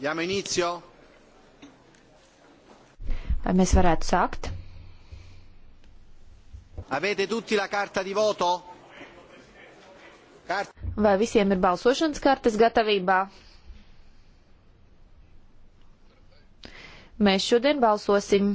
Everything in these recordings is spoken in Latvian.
Diamo inizio. Vai mēs varētu sākt? Avete tutti la carta di voto? Kart... Vai visiem ir balsošanas kartes gatavībā? Mēs šodien balsosim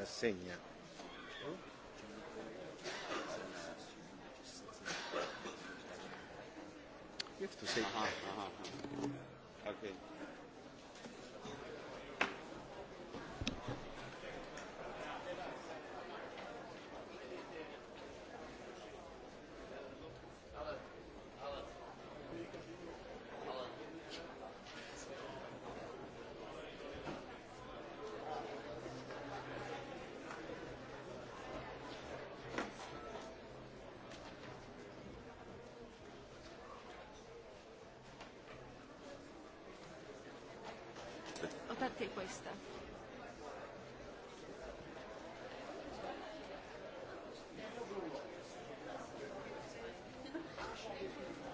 rassegna. You have to say. Uh-huh, uh-huh. Okay. perché questa?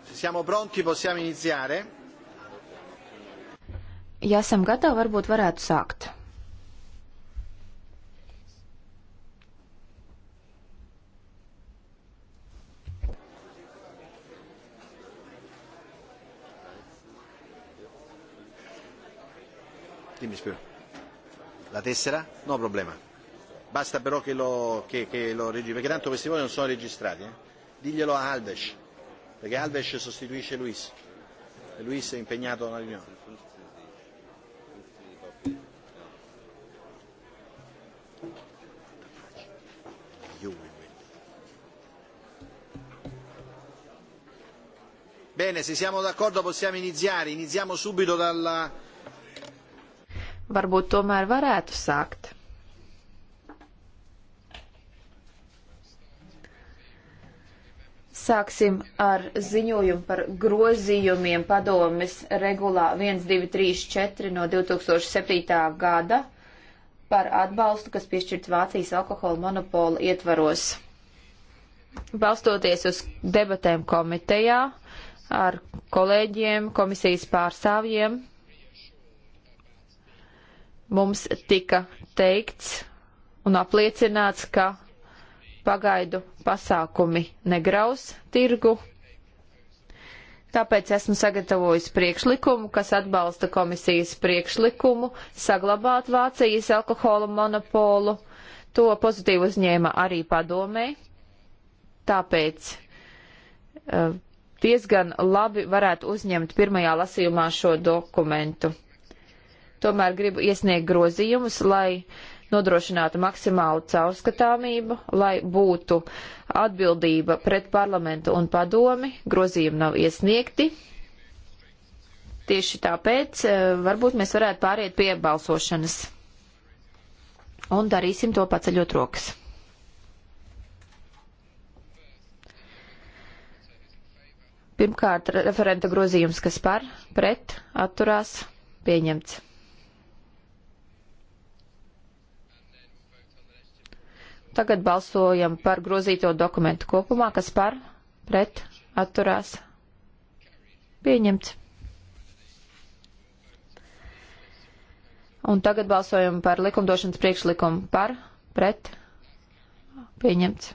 Se siamo pronti possiamo iniziare. Ja esam gatavi, varbūt varētu sākt. tessera? No problema. Basta però che lo, che, che lo registri, perché tanto questi voti non sono registrati. Eh? Diglielo a Alves, perché Alves sostituisce Luis. E Luis è impegnato nella riunione. Bene, se siamo d'accordo possiamo iniziare. Iniziamo subito dalla varbūt tomēr varētu sākt. Sāksim ar ziņojumu par grozījumiem padomes regulā 1234 no 2007. gada par atbalstu, kas piešķirts Vācijas alkohola monopola ietvaros. Balstoties uz debatēm komitejā ar kolēģiem, komisijas pārstāvjiem, mums tika teikts un apliecināts, ka pagaidu pasākumi negraus tirgu. Tāpēc esmu sagatavojis priekšlikumu, kas atbalsta komisijas priekšlikumu saglabāt Vācijas alkohola monopolu. To pozitīvi uzņēma arī padomē. Tāpēc eh, diezgan labi varētu uzņemt pirmajā lasījumā šo dokumentu. Tomēr gribu iesniegt grozījumus, lai nodrošinātu maksimālu caurskatāmību, lai būtu atbildība pret parlamentu un padomi. Grozījumi nav iesniegti. Tieši tāpēc eh, varbūt mēs varētu pāriet pie balsošanas. Un darīsim to paceļot rokas. Pirmkārt, referenta grozījums, kas par, pret, atturās, pieņemts. Tagad balsojam par grozīto dokumentu kopumā, kas par, pret, atturās. Pieņemts. Un tagad balsojam par likumdošanas priekšlikumu par, pret, pieņemts.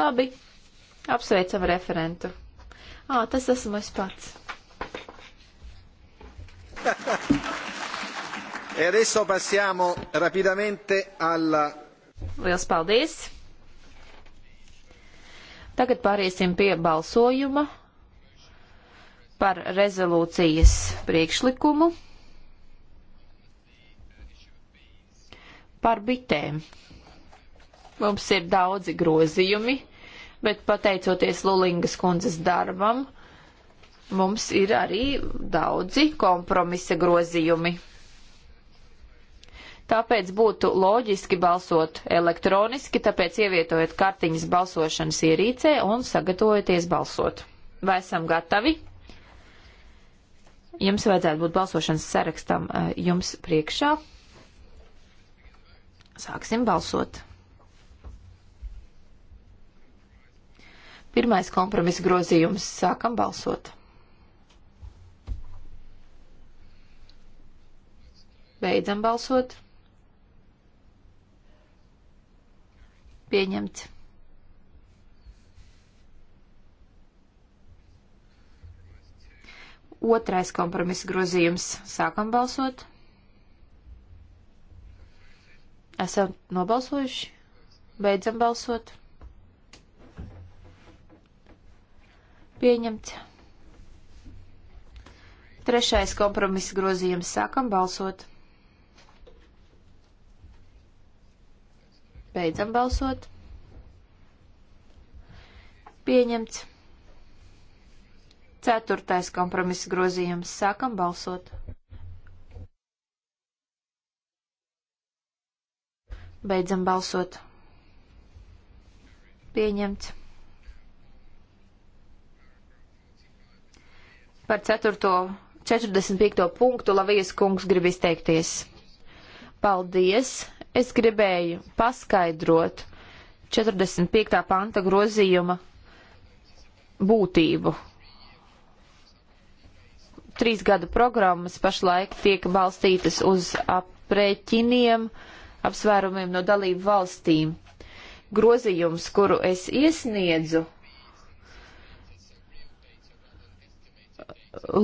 Labi, apsveicam referentu. Ā, tas esmu es pats. Ha ha ha. E adesso passiamo rapidamente alla. Liels paldies! Tagad pāriesim pie balsojuma par rezolūcijas priekšlikumu par bitēm. Mums ir daudzi grozījumi, bet pateicoties Lulingas kundzes darbam, mums ir arī daudzi kompromisa grozījumi. Tāpēc būtu loģiski balsot elektroniski, tāpēc ievietojiet kartiņas balsošanas ierīcē un sagatavojieties balsot. Vai esam gatavi? Jums vajadzētu būt balsošanas sarakstam eh, jums priekšā. Sāksim balsot. Pirmais kompromisa grozījums. Sākam balsot. Beidzam balsot. Pieņemts. Otrais kompromisa grozījums. Sākam balsot. Esam nobalsojuši. Beidzam balsot. Pieņemts. Trešais kompromisa grozījums. Sākam balsot. Beidzam balsot. Pieņemts. Ceturtais kompromisa grozījums. Sākam balsot. Beidzam balsot. Pieņemts. Par 4. 45. punktu Lavijas kungs grib izteikties. Paldies! Es gribēju paskaidrot 45. panta grozījuma būtību. Trīs gada programmas pašlaik tiek balstītas uz aprēķiniem, apsvērumiem no dalību valstīm. Grozījums, kuru es iesniedzu,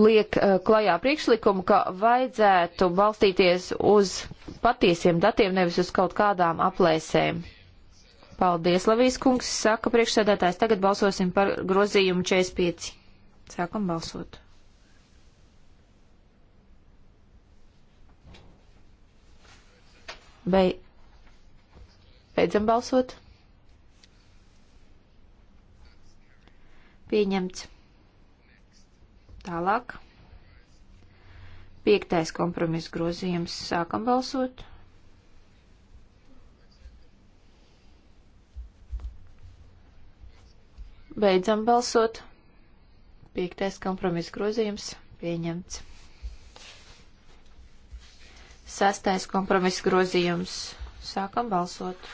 liek eh, klajā priekšlikumu, ka vajadzētu balstīties uz patiesiem datiem, nevis uz kaut kādām aplēsēm. Paldies, Lavijas kungs, saka priekšsēdētājs. Tagad balsosim par grozījumu 45. Sākam balsot. Bei... Beidzam balsot. Pieņemts. Tālāk. Piektais kompromiss grozījums. Sākam balsot. Beidzam balsot. Piektais kompromiss grozījums pieņemts. Sastais kompromiss grozījums. Sākam balsot.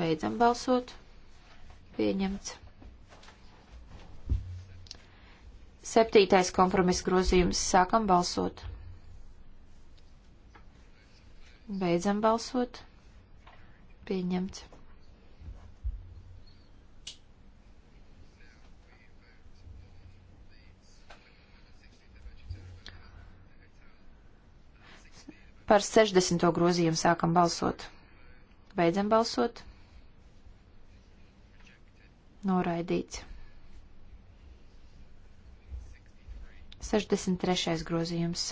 Beidzam balsot. Pieņemts. Septītais kompromiss grozījums. Sākam balsot. Beidzam balsot. Pieņemts. Par 60. grozījumu sākam balsot. Beidzam balsot. Noraidīts. 63. grozījums.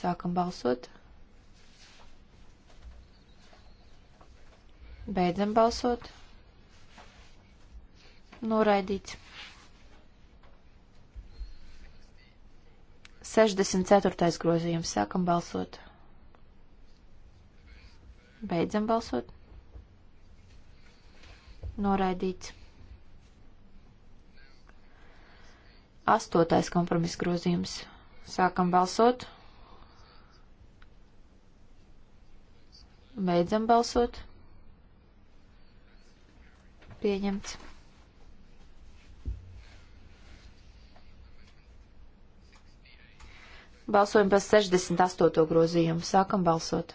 Sākam balsot. Beidzam balsot. Noraidīts. 64. grozījums. Sākam balsot. Beidzam balsot. Noraidīts. Astotais kompromiss grozījums. Sākam balsot. Beidzam balsot. Pieņemts. Balsojam par 68. grozījumu. Sākam balsot.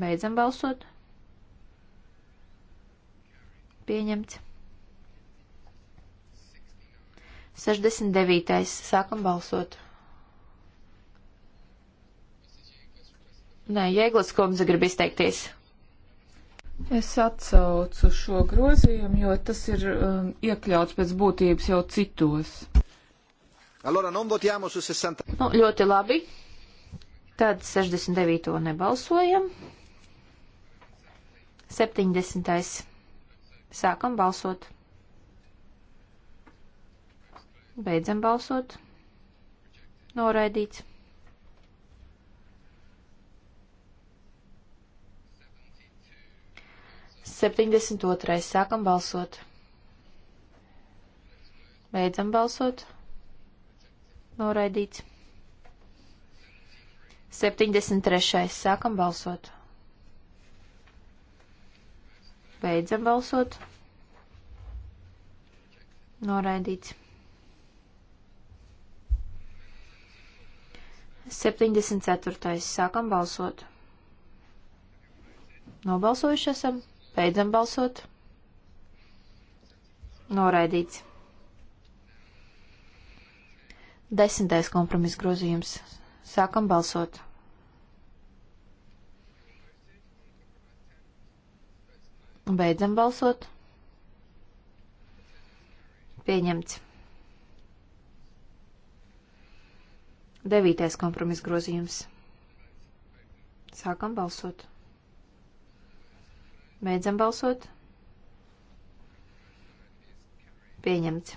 Beidzam balsot. Pieņemts. 69. Sākam balsot. Nē, Jēglas kundze grib izteikties. Es atsaucu šo grozījumu, jo tas ir um, iekļauts pēc būtības jau citos. Allora, non votiamo su 60. Nu, ļoti labi. Tad 69. nebalsojam. 70. Sākam balsot. Beidzam balsot. Noraidīts. 72. Sākam balsot. Beidzam balsot. Noraidīts. 73. Sākam balsot. Beidzam balsot. Noraidīts. 74. Sākam balsot. Nobalsojuši esam. Beidzam balsot. Noraidīts. Desmitais kompromis grozījums. Sākam balsot. Beidzam balsot. Pieņemts. Devītais kompromis grozījums. Sākam balsot. Beidzam balsot. Pieņemts.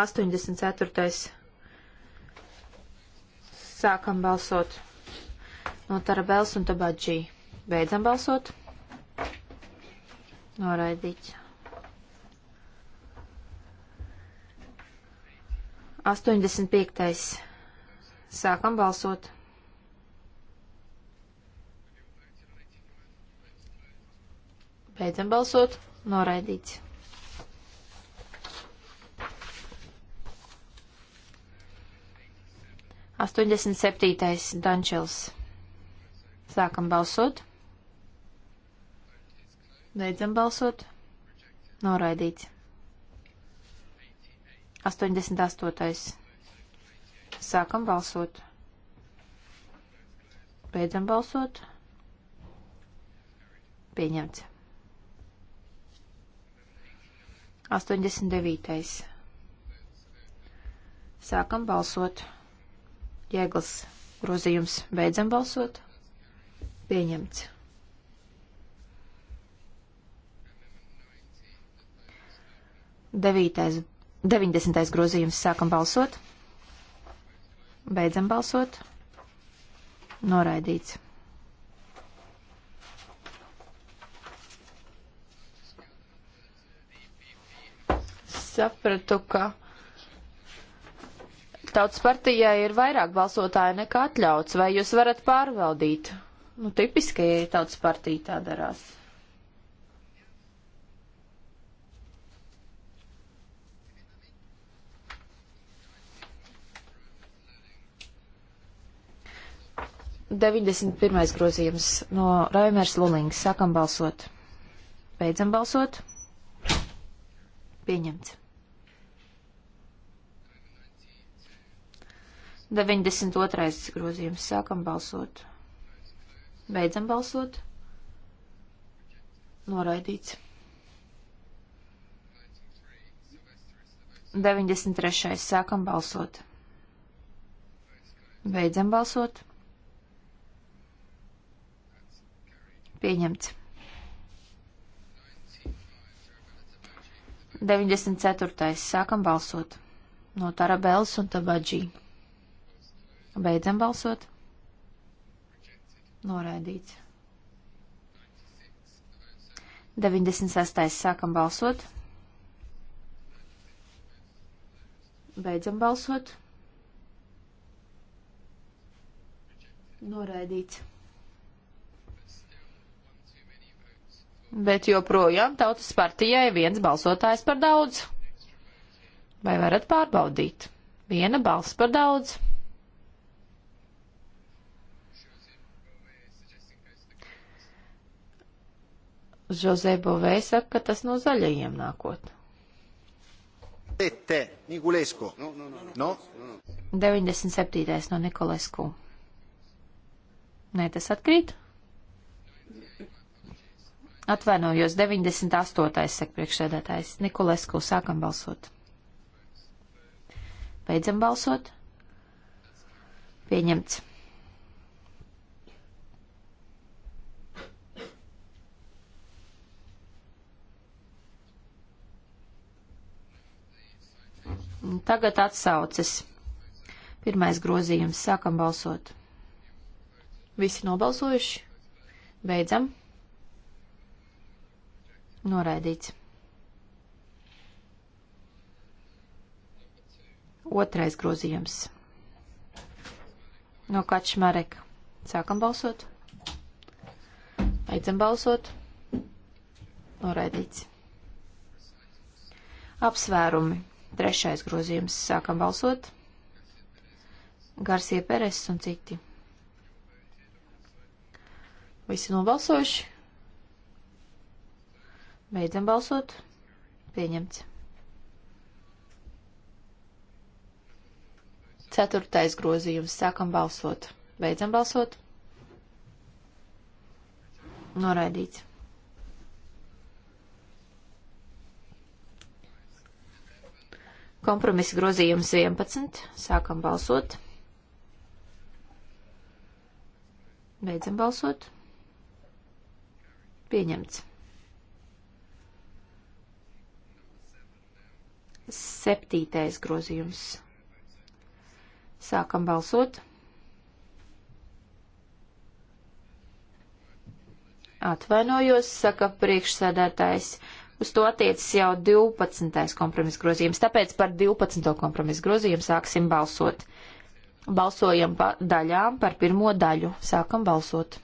84. Sākam balsot no Tarabels un Tabadžī. Beidzam balsot. Noraidīts. 85. Sākam balsot. Beidzam balsot. Noraidīts. Astoņdesmit septītais Dančils. Sākam balsot. Beidzam balsot. Noraidīts. 88. Sākam balsot. Beidzam balsot. Pieņemts. 89. Sākam balsot. Jēglas grozījums. Beidzam balsot. Pieņemts. 9. 90. grozījums. Sākam balsot. Beidzam balsot. Noraidīts. Sapratu, ka Tautas partijai ir vairāk balsotāju nekā atļauts. Vai jūs varat pārvaldīt? Nu, tipiski Tautas partija tā darās. 91. grozījums no Raimērs Lulings. Sākam balsot. Beidzam balsot. Pieņemts. 92. grozījums. Sākam balsot. Beidzam balsot. Noraidīts. 93. sākam balsot. Beidzam balsot. Pieņemts. 94. Sākam balsot. No Tarabels un Tabadžī. Beidzam balsot. Noraidīts. 96. Sākam balsot. Beidzam balsot. Noraidīts. bet joprojām tautas partijai viens balsotājs par daudz. Vai varat pārbaudīt? Viena balss par daudz. Jose Bovē saka, ka tas no zaļajiem nākot. 97. no Nikolesku. Nē, tas atkrīt? Atvainojos, 98. saka priekšsēdētājs. Nikolesku, sākam balsot. Beidzam balsot. Pieņemts. Tagad atsaucas. Pirmais grozījums. Sākam balsot. Visi nobalsojuši? Beidzam. Noraidīts. Otrais grozījums. No Kačmareka. Sākam balsot. Beidzam balsot. Noraidīts. Apsvērumi. Trešais grozījums. Sākam balsot. Garsie Peres un citi. Visi nobalsojuši. Beidzam balsot. Pieņemts. Ceturtais grozījums. Sākam balsot. Beidzam balsot. Noraidīts. Kompromisa grozījums 11. Sākam balsot. Beidzam balsot. Pieņemts. Septītais grozījums. Sākam balsot. Atvainojos, saka priekšsēdētājs. Uz to attiecas jau 12. kompromisa grozījums, tāpēc par 12. kompromisa grozījumu sāksim balsot. Balsojam pa daļām par pirmo daļu. Sākam balsot.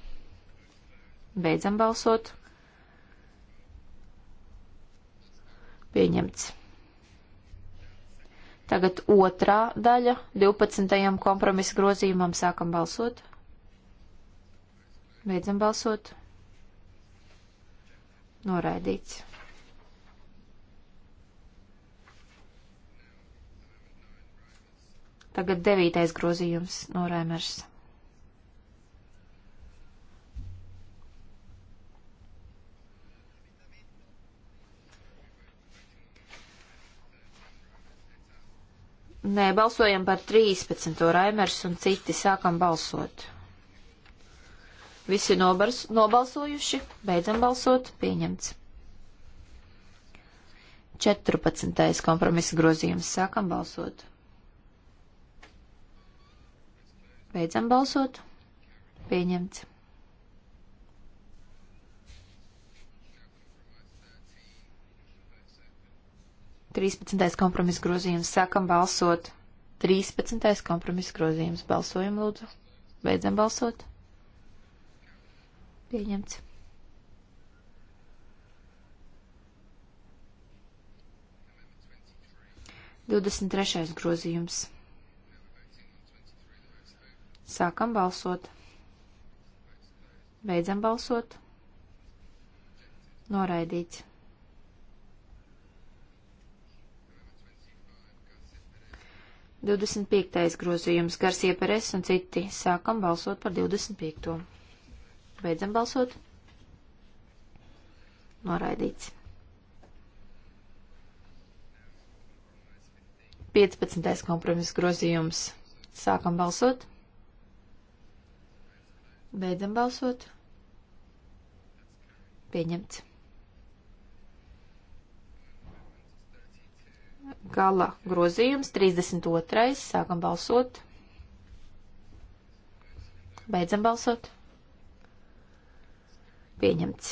Beidzam balsot. Pieņemts. Tagad otrā daļa 12. kompromisa grozījumam sākam balsot. Beidzam balsot. Noraidīts. Tagad devītais grozījums no Rēmers. Nē, balsojam par 13. Raimers un citi sākam balsot. Visi nobars, nobalsojuši, beidzam balsot, pieņemts. 14. kompromisa grozījums sākam balsot. Beidzam balsot, pieņemts. 13. kompromiss grozījums. Sākam balsot. 13. kompromiss grozījums. Balsojam, lūdzu. Beidzam balsot. Pieņemts. Divdesmit trešais grozījums. Sākam balsot. Beidzam balsot. Noraidīts. 25. grozījums Garsie Peres un citi. Sākam balsot par 25. Beidzam balsot. Noraidīts. 15. kompromiss grozījums. Sākam balsot. Beidzam balsot. Pieņemts. Gala grozījums 32. Sākam balsot. Beidzam balsot. Pieņemts.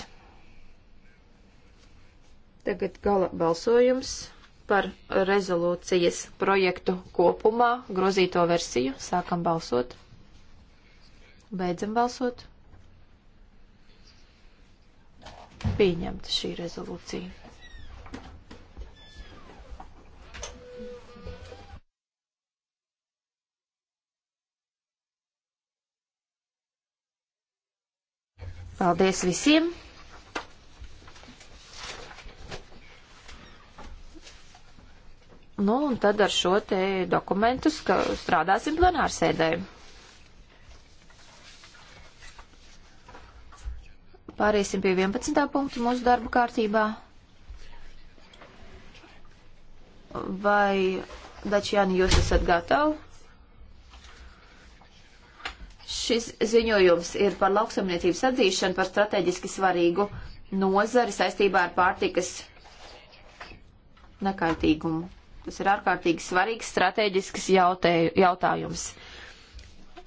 Tagad gala balsojums par rezolūcijas projektu kopumā, grozīto versiju. Sākam balsot. Beidzam balsot. Pieņemta šī rezolūcija. Paldies visiem! Nu, un tad ar šo te dokumentu strādāsim plenārsēdē. Pāriesim pie 11. punktu mūsu darba kārtībā. Vai, Dačiāni, jūs esat gatavi? Šis ziņojums ir par lauksaimniecības atzīšanu par strateģiski svarīgu nozari saistībā ar pārtikas nekārtīgumu. Tas ir ārkārtīgi svarīgs strateģisks jautājums.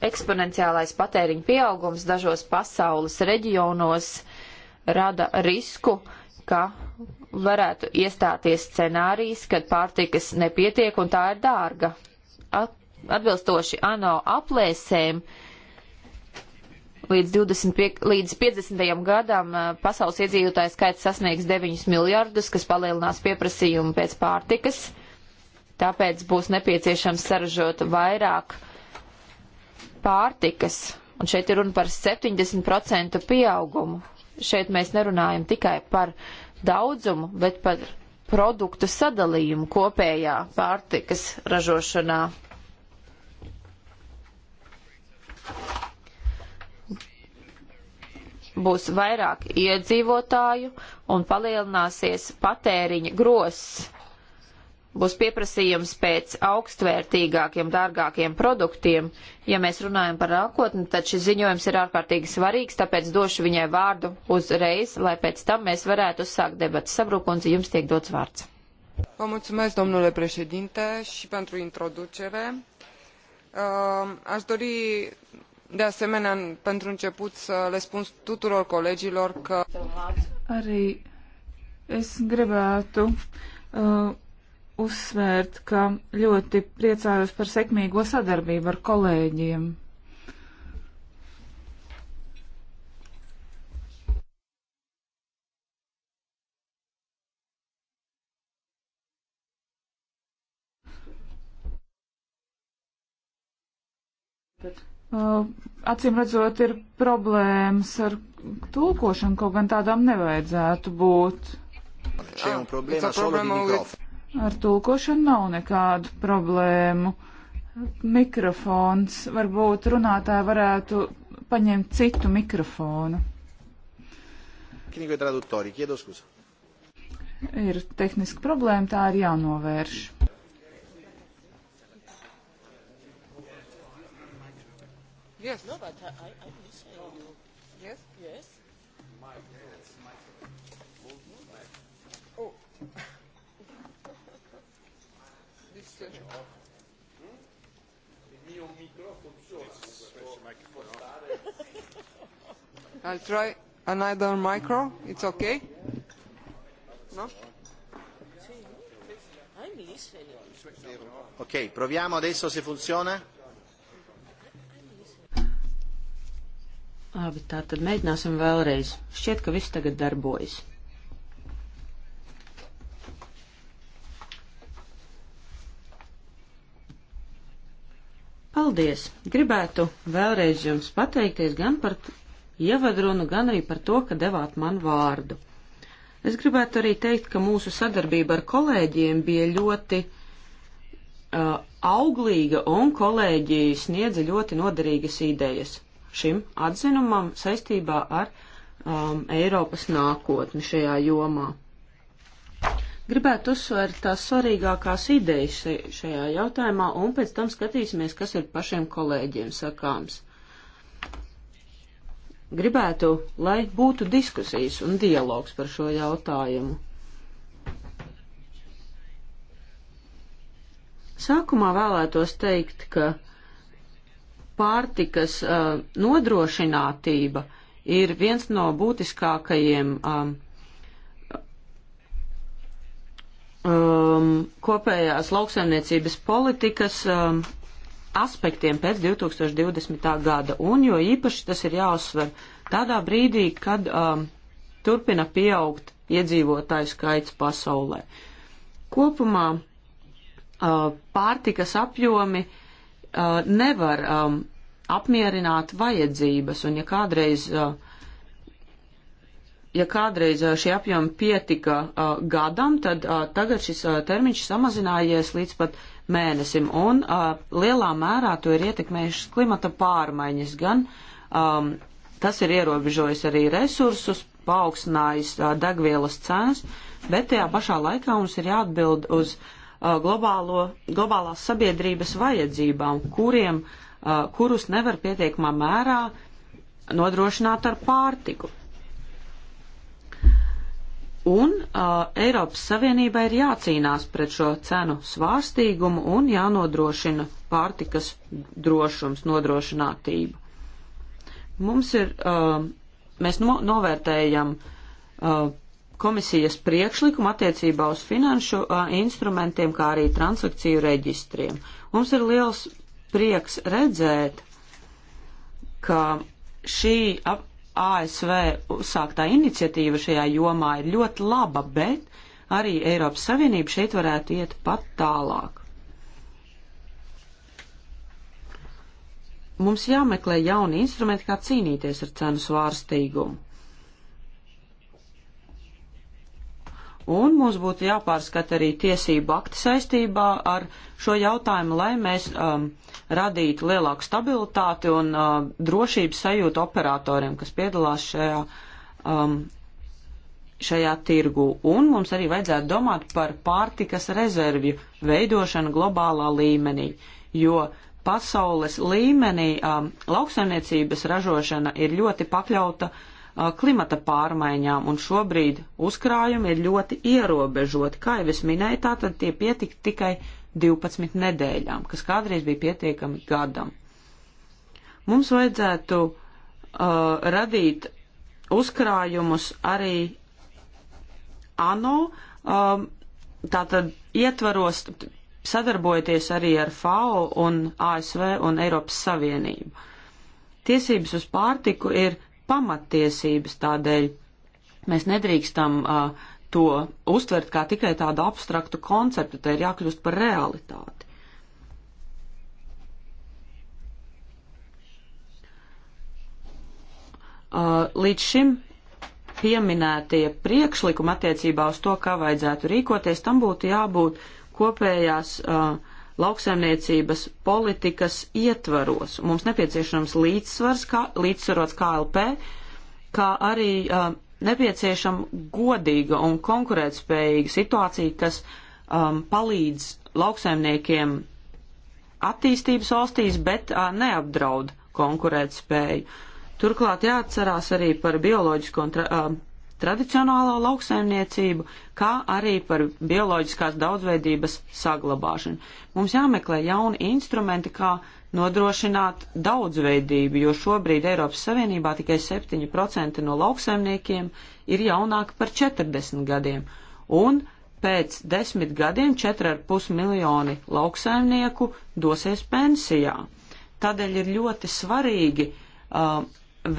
Eksponenciālais patēriņa pieaugums dažos pasaules reģionos rada risku, ka varētu iestāties scenārijs, kad pārtikas nepietiek un tā ir dārga. Atbilstoši ANO aplēsēm, uh, līdz, 25, līdz 50. gadam eh, pasaules iedzīvotāju skaits sasniegs 9 miljardus, kas palielinās pieprasījumu pēc pārtikas. Tāpēc būs nepieciešams saražot vairāk pārtikas. Un šeit ir runa par 70% pieaugumu. Šeit mēs nerunājam tikai par daudzumu, bet par produktu sadalījumu kopējā pārtikas ražošanā. Thank you būs vairāk iedzīvotāju un palielināsies patēriņa gross. Būs pieprasījums pēc augstvērtīgākiem, dārgākiem produktiem. Ja mēs runājam par nākotni, tad šis ziņojums ir ārkārtīgi svarīgs, tāpēc došu viņai vārdu uzreiz, lai pēc tam mēs varētu uzsākt debatas. Sabrūkundze, jums tiek dots vārds. Vă mulțumesc, domnule președinte, și pentru introducere. Uh, aș dori de asemenea, pentru început, să le spun tuturor colegilor că... Arī es gribētu uh, uzsvērt, ka ļoti priecājos par sekmīgo sadarbību ar kolēģiem. Good. Uh, acīm redzot, ir problēmas ar tulkošanu, kaut gan tādām nevajadzētu būt. Ah, ar tulkošanu nav nekādu problēmu. Mikrofons. Varbūt runātāji varētu paņemt citu mikrofonu. Ir tehniska problēma, tā ir jānovērš. Yes. No, but I, I, I will say you. Yes? Yes. My, that's my movement. Oh. Discussion. Il mio microfono solo può stare. I'll try another micro. It's okay? No? Ok, proviamo adesso se funziona. Labi, tā tad mēģināsim vēlreiz. Šķiet, ka viss tagad darbojas. Paldies! Gribētu vēlreiz jums pateikties gan par ievadrunu, gan arī par to, ka devāt man vārdu. Es gribētu arī teikt, ka mūsu sadarbība ar kolēģiem bija ļoti uh, auglīga un kolēģi sniedza ļoti noderīgas idejas šim atzinumam saistībā ar um, Eiropas nākotni šajā jomā. Gribētu uzsvērt tās svarīgākās idejas šajā jautājumā, un pēc tam skatīsimies, kas ir pašiem kolēģiem sakāms. Gribētu, lai būtu diskusijas un dialogs par šo jautājumu. Sākumā vēlētos teikt, ka pārtikas uh, nodrošinātība ir viens no būtiskākajiem um, um, kopējās lauksaimniecības politikas um, aspektiem pēc 2020. gada, un jo īpaši tas ir jāuzsver tādā brīdī, kad um, turpina pieaugt iedzīvotāju skaits pasaulē. Kopumā uh, pārtikas apjomi uh, uh, nevar um, apmierināt vajadzības, un ja kādreiz, uh, ja kādreiz uh, šie apjomi pietika uh, gadam, tad tagad šis termiņš samazinājies līdz pat mēnesim, un lielā mērā to ir ietekmējušas klimata pārmaiņas, gan um, tas ir ierobežojis arī resursus, paaugstinājis degvielas cenas, bet tajā pašā laikā mums ir jāatbild uz uh, Uh, globālo, globālās sabiedrības vajadzībām, kuriem, uh, kurus nevar pietiekamā mērā nodrošināt ar pārtiku. Un uh, Eiropas Savienībai ir jācīnās pret šo cenu svārstīgumu un jānodrošina pārtikas drošums, nodrošinātība. Mums ir, uh, mēs no, novērtējam uh, komisijas priekšlikumu attiecībā uz finanšu uh, instrumentiem, kā arī transakciju reģistriem. Mums ir liels prieks redzēt, ka šī ASV uzsāktā iniciatīva šajā jomā ir ļoti laba, bet arī Eiropas Savienība šeit varētu iet pat tālāk. Mums jāmeklē jauni instrumenti, kā cīnīties ar cenu svārstīgumu. Un mums būtu jāpārskata arī tiesību akti saistībā ar šo jautājumu, lai mēs um, radītu lielāku stabilitāti un uh, drošības sajūtu operatoriem, kas piedalās šajā um, šajā tirgu, un mums arī vajadzētu domāt par pārtikas rezervju veidošanu globālā līmenī, jo pasaules līmenī um, lauksaimniecības ražošana ir ļoti pakļauta klimata pārmaiņām, un šobrīd uzkrājumi ir ļoti ierobežoti. Kā jau es minēju, tātad tie pietika tikai 12 nedēļām, kas kādreiz bija pietiekami gadam. Mums vajadzētu uh, radīt uzkrājumus arī ANO, um, tātad ietvaros sadarbojoties arī ar FAO un ASV un Eiropas Savienību. Tiesības uz pārtiku ir pamattiesības tādēļ. Mēs nedrīkstam uh, to uztvert kā tikai tādu abstraktu konceptu, tai ir jākļūst par realitāti. Uh, līdz šim pieminētie priekšlikumi attiecībā uz to, kā vajadzētu rīkoties, tam būtu jābūt kopējās uh, lauksaimniecības politikas ietvaros. Mums nepieciešams līdzsvars, kā, līdzsvarots KLP, kā arī uh, nepieciešama godīga un konkurētspējīga situācija, kas um, palīdz lauksaimniekiem attīstības valstīs, bet uh, neapdraud konkurētspēju. Turklāt jāatcerās arī par bioloģisko un tra, uh, tradicionālo lauksaimniecību, kā arī par bioloģiskās daudzveidības saglabāšanu. Mums jāmeklē jauni instrumenti, kā nodrošināt daudzveidību, jo šobrīd Eiropas Savienībā tikai 7% no lauksaimniekiem ir jaunāki par 40 gadiem. Un pēc desmit gadiem 4,5 miljoni lauksaimnieku dosies pensijā. Tādēļ ir ļoti svarīgi uh,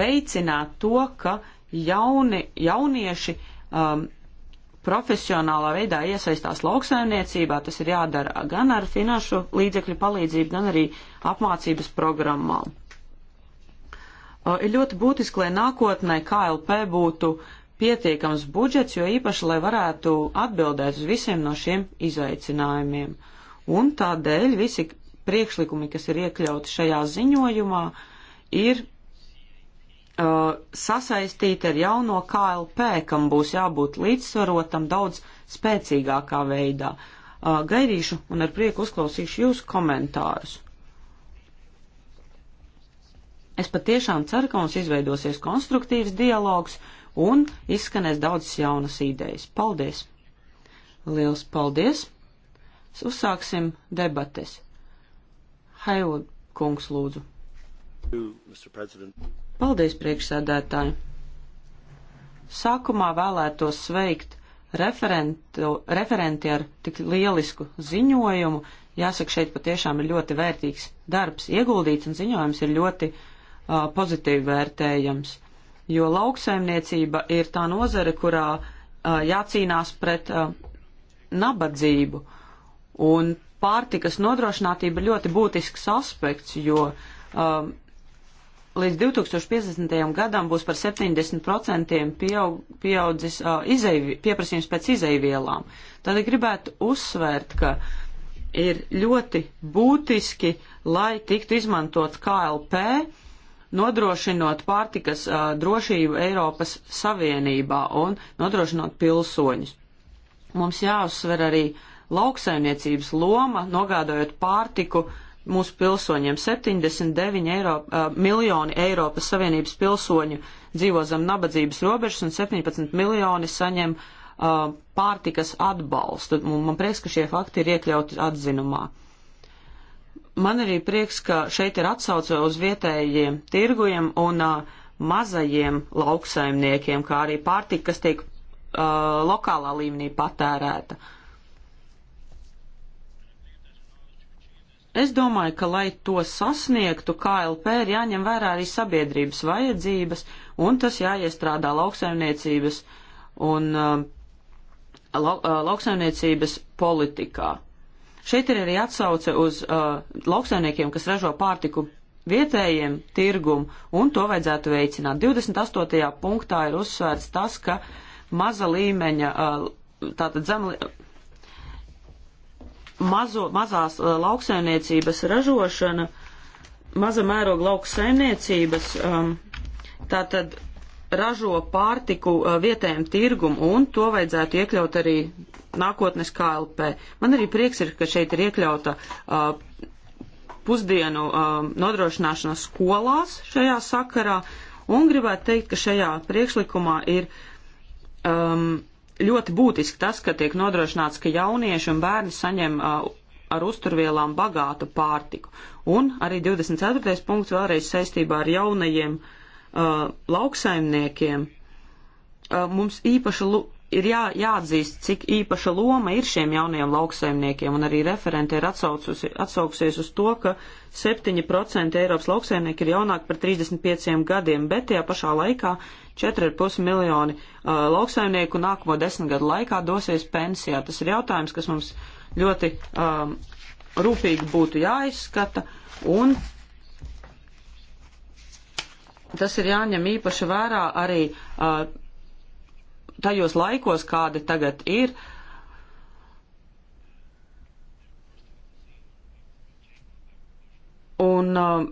veicināt to, ka jauni, jaunieši um, profesionālā veidā iesaistās lauksaimniecībā, tas ir jādara gan ar finanšu līdzekļu palīdzību, gan arī apmācības programmām. Uh, ir ļoti būtiski, lai nākotnē KLP būtu pietiekams budžets, jo īpaši, lai varētu atbildēt uz visiem no šiem izaicinājumiem. Un tādēļ visi priekšlikumi, kas ir iekļauti šajā ziņojumā, ir Uh, sasaistīti ar jauno KLP, kam būs jābūt līdzsvarotam daudz spēcīgākā veidā. Uh, gaidīšu un ar prieku uzklausīšu jūsu komentārus. Es patiešām ceru, ka mums izveidosies konstruktīvs dialogs un izskanēs daudzas jaunas idejas. Paldies! Liels paldies! Uzsāksim debates. Haivod kungs lūdzu. Mr. President. Paldies, priekšsēdētāji! Sākumā vēlētos sveikt referentu, referenti ar tik lielisku ziņojumu. Jāsaka, šeit patiešām ir ļoti vērtīgs darbs ieguldīts un ziņojums ir ļoti uh, pozitīvi vērtējams, jo lauksaimniecība ir tā nozare, kurā uh, jācīnās pret uh, nabadzību. Un pārtikas nodrošinātība ir ļoti būtisks aspekts, jo um, uh, līdz 2050. gadam būs par 70% pieaug, pieaudzis uh, izaivi, pieprasījums pēc izaivielām. Tad gribētu uzsvērt, ka ir ļoti būtiski, lai tiktu izmantots KLP, nodrošinot pārtikas uh, drošību Eiropas Savienībā un nodrošinot pilsoņus. Mums jāuzsver arī lauksaimniecības loma, nogādājot pārtiku uh, mūsu pilsoņiem. 79 eiro, uh, miljoni Eiropas Savienības pilsoņu dzīvo zem nabadzības robežas un 17 miljoni saņem uh, pārtikas atbalstu. Un man prieks, ka šie fakti ir iekļauti atzinumā. Man arī prieks, ka šeit ir atsauce uz vietējiem tirgujiem un uh, mazajiem lauksaimniekiem, kā arī pārtika, kas tiek uh, lokālā līmenī patērēta. Uh, Es domāju, ka, lai to sasniegtu, KLP ir jāņem vērā arī sabiedrības vajadzības, un tas jāiestrādā lauksaimniecības un uh, lau, uh, lauksaimniecības politikā. Šeit ir arī atsauce uz uh, lauksaimniekiem, kas ražo pārtiku vietējiem tirgumu, un to vajadzētu veicināt. 28. punktā ir uzsvērts tas, ka maza līmeņa, uh, tātad zem, mazo, mazās eh, lauksaimniecības ražošana, maza mēroga lauksaimniecības, um, tātad ražo pārtiku uh, vietējiem tirgumu un to vajadzētu iekļaut arī nākotnes KLP. Man arī prieks ir, ka šeit ir iekļauta uh, pusdienu uh, ehm, nodrošināšana skolās šajā sakarā un gribētu teikt, ka šajā priekšlikumā ir um, ļoti būtiski tas, ka tiek nodrošināts, ka jaunieši un bērni saņem uh, ar uzturvielām bagātu pārtiku. Un arī 24. punkts vēlreiz saistībā ar jaunajiem uh, lauksaimniekiem. Uh, mums īpaši ir jā, jāatzīst, cik īpaša loma ir šiem jaunajiem lauksaimniekiem, un arī referenti ir atsauksies uz to, ka 7% Eiropas lauksaimnieki ir jaunāki par 35 gadiem, bet tajā pašā laikā 4,5 miljoni uh, lauksaimnieku nākamo desmit gadu laikā dosies pensijā. Tas ir jautājums, kas mums ļoti um, rūpīgi būtu jāizskata, un tas ir jāņem īpaši vērā arī uh, tajos laikos, kādi tagad ir. Un uh,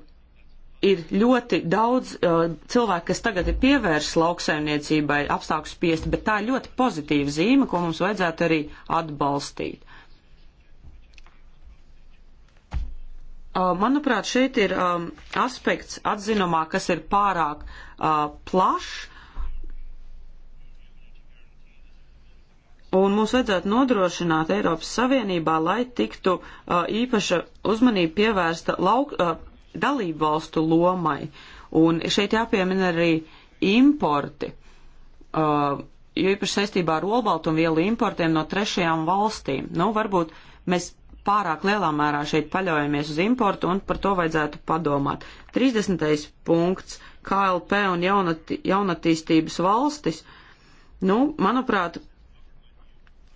ir ļoti daudz uh, cilvēku, kas tagad ir pievērsts lauksaimniecībai, apstākļu spiesti, bet tā ir ļoti pozitīva zīme, ko mums vajadzētu arī atbalstīt. Uh, manuprāt, šeit ir um, aspekts atzinumā, kas ir pārāk uh, plašs, un mums vajadzētu nodrošināt Eiropas Savienībā, lai tiktu uh, īpaša uzmanība pievērsta lauk, uh, dalību valstu lomai. Un šeit jāpiemina arī importi, uh, jo īpaši saistībā ar olbaltumvielu importiem no trešajām valstīm. Nu, varbūt mēs pārāk lielā mērā šeit paļaujamies uz importu un par to vajadzētu padomāt. 30. punkts - KLP un jaunat, jaunatīstības valstis. Nu, manuprāt,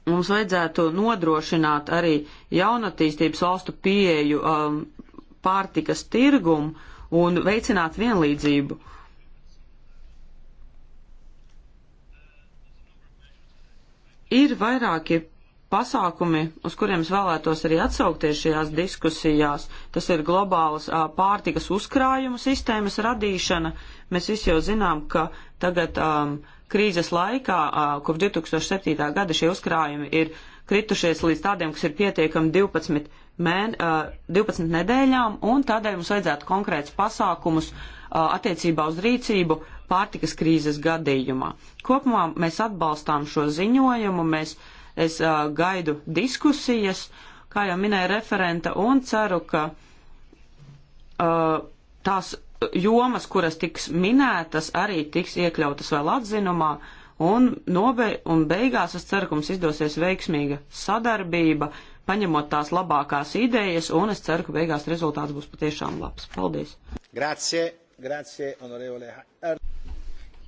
mums vajadzētu nodrošināt arī jaunatīstības valstu pieeju um, pārtikas tirgumu un veicināt vienlīdzību. Ir vairāki pasākumi, uz kuriem es vēlētos arī atsaukties šajās diskusijās. Tas ir globālas a, pārtikas uzkrājuma sistēmas radīšana. Mēs visi jau zinām, ka tagad um, krīzes laikā, uh, kopš 2007. gada šie uzkrājumi ir kritušies līdz tādiem, kas ir pietiekami 12 mēne, uh, 12 nedēļām, un tādēļ mums vajadzētu konkrēts pasākumus uh, attiecībā uz rīcību pārtikas krīzes gadījumā. Kopumā mēs atbalstām šo ziņojumu, mēs, es uh, gaidu diskusijas, kā jau minēja referenta, un ceru, ka uh, tās jomas, kuras tiks minētas, arī tiks iekļautas vēl atzinumā. Un, nobe, un beigās es ceru, ka mums izdosies veiksmīga sadarbība uh, paņemot tās labākās idejas, un es ceru, ka beigās rezultāts būs patiešām labs. Paldies! Grazie, grazie, honorevole. Er-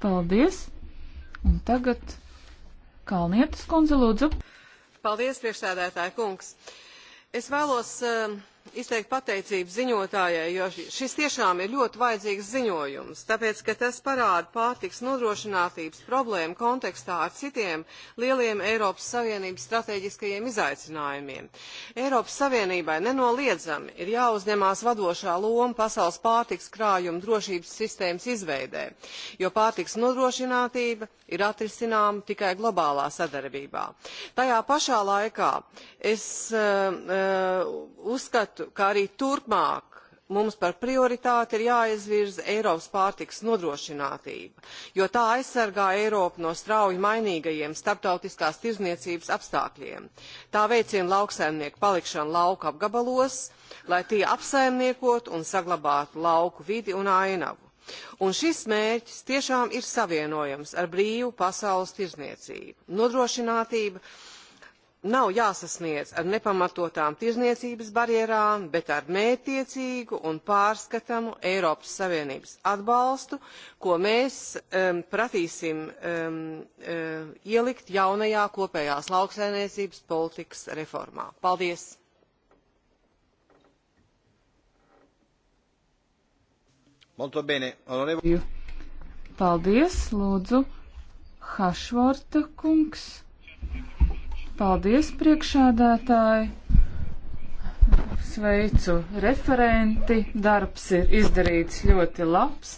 Paldies! Un tagad Kalnietis kundze lūdzu. Paldies, priekšsēdētāja kungs. Es vēlos uh, izteikt pateicību ziņotājai, jo šis tiešām ir ļoti vajadzīgs ziņojums, tāpēc, ka tas parāda pārtiks nodrošinātības problēmu kontekstā ar citiem lieliem Eiropas Savienības strateģiskajiem izaicinājumiem. Eiropas Savienībai nenoliedzami ir jāuzņemās vadošā loma pasaules pārtiks krājuma drošības sistēmas izveidē, jo pārtiks nodrošinātība ir atrisināma tikai globālā sadarbībā. Tajā pašā laikā es uh, uh, uzskatu, uzskatu, ka arī turpmāk mums par prioritāti ir jāizvirza Eiropas pārtiks nodrošinātība, jo tā aizsargā Eiropu no strauji mainīgajiem starptautiskās tirzniecības apstākļiem. Tā veicina lauksaimnieku palikšanu lauka apgabalos, lai tie apsaimniekot un saglabātu lauku vidi un ainavu. Un šis mērķis tiešām ir savienojams ar brīvu pasaules tirzniecību. Nodrošinātība nav jāsasniedz ar nepamatotām tirzniecības barjerām bet ar mērķtiecīgu un pārskatāmu eiropas savienības atbalstu ko mēs um, prasīsim um, um, ielikt jaunajā kopējās lauksaimniecības politikas reformā. paldies! Paldies, lūdzu, Hašvorta kungs. Paldies, priekšādātāji! Sveicu referenti, darbs ir izdarīts ļoti labs.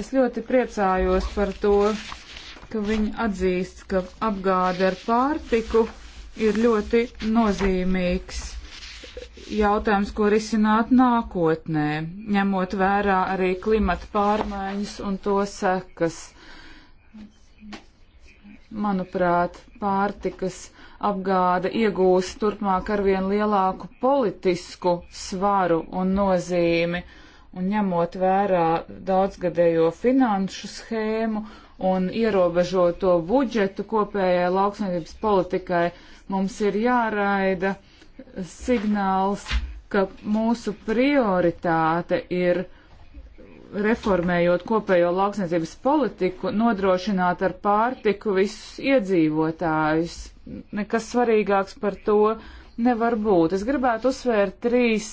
Es ļoti priecājos par to, ka viņi atzīst, ka apgāde ar pārtiku ir ļoti nozīmīgs jautājums, ko risināt nākotnē, ņemot vērā arī klimata pārmaiņas un to sekas. Manuprāt, pārtikas apgāde iegūs turpmāk arvien lielāku politisku svaru un nozīmi, un ņemot vērā daudzgadējo finanšu schēmu un ierobežoto budžetu kopējai lauksaimniecības politikai, mums ir jāraida signāls, ka mūsu prioritāte ir reformējot kopējo lauksaimniecības politiku, nodrošināt ar pārtiku visus iedzīvotājus nekas svarīgāks par to nevar būt. Es gribētu uzsvērt trīs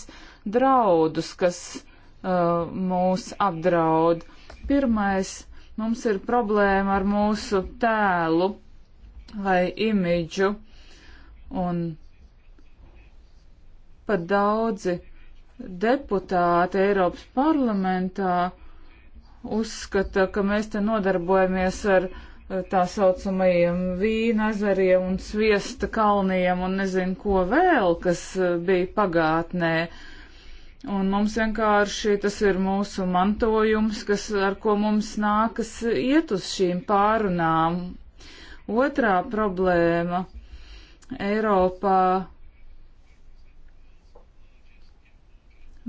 draudus, kas uh, mūs apdraud. Pirmais, mums ir problēma ar mūsu tēlu vai imidžu, un pat daudzi deputāti Eiropas parlamentā uzskata, ka mēs te nodarbojamies ar uh, tā saucamajiem vīna ezeriem un sviesta kalniem un nezinu ko vēl, kas e, bija pagātnē. Un mums vienkārši tas ir mūsu mantojums, kas, ar ko mums nākas iet uz šīm pārunām. Otrā problēma Eiropā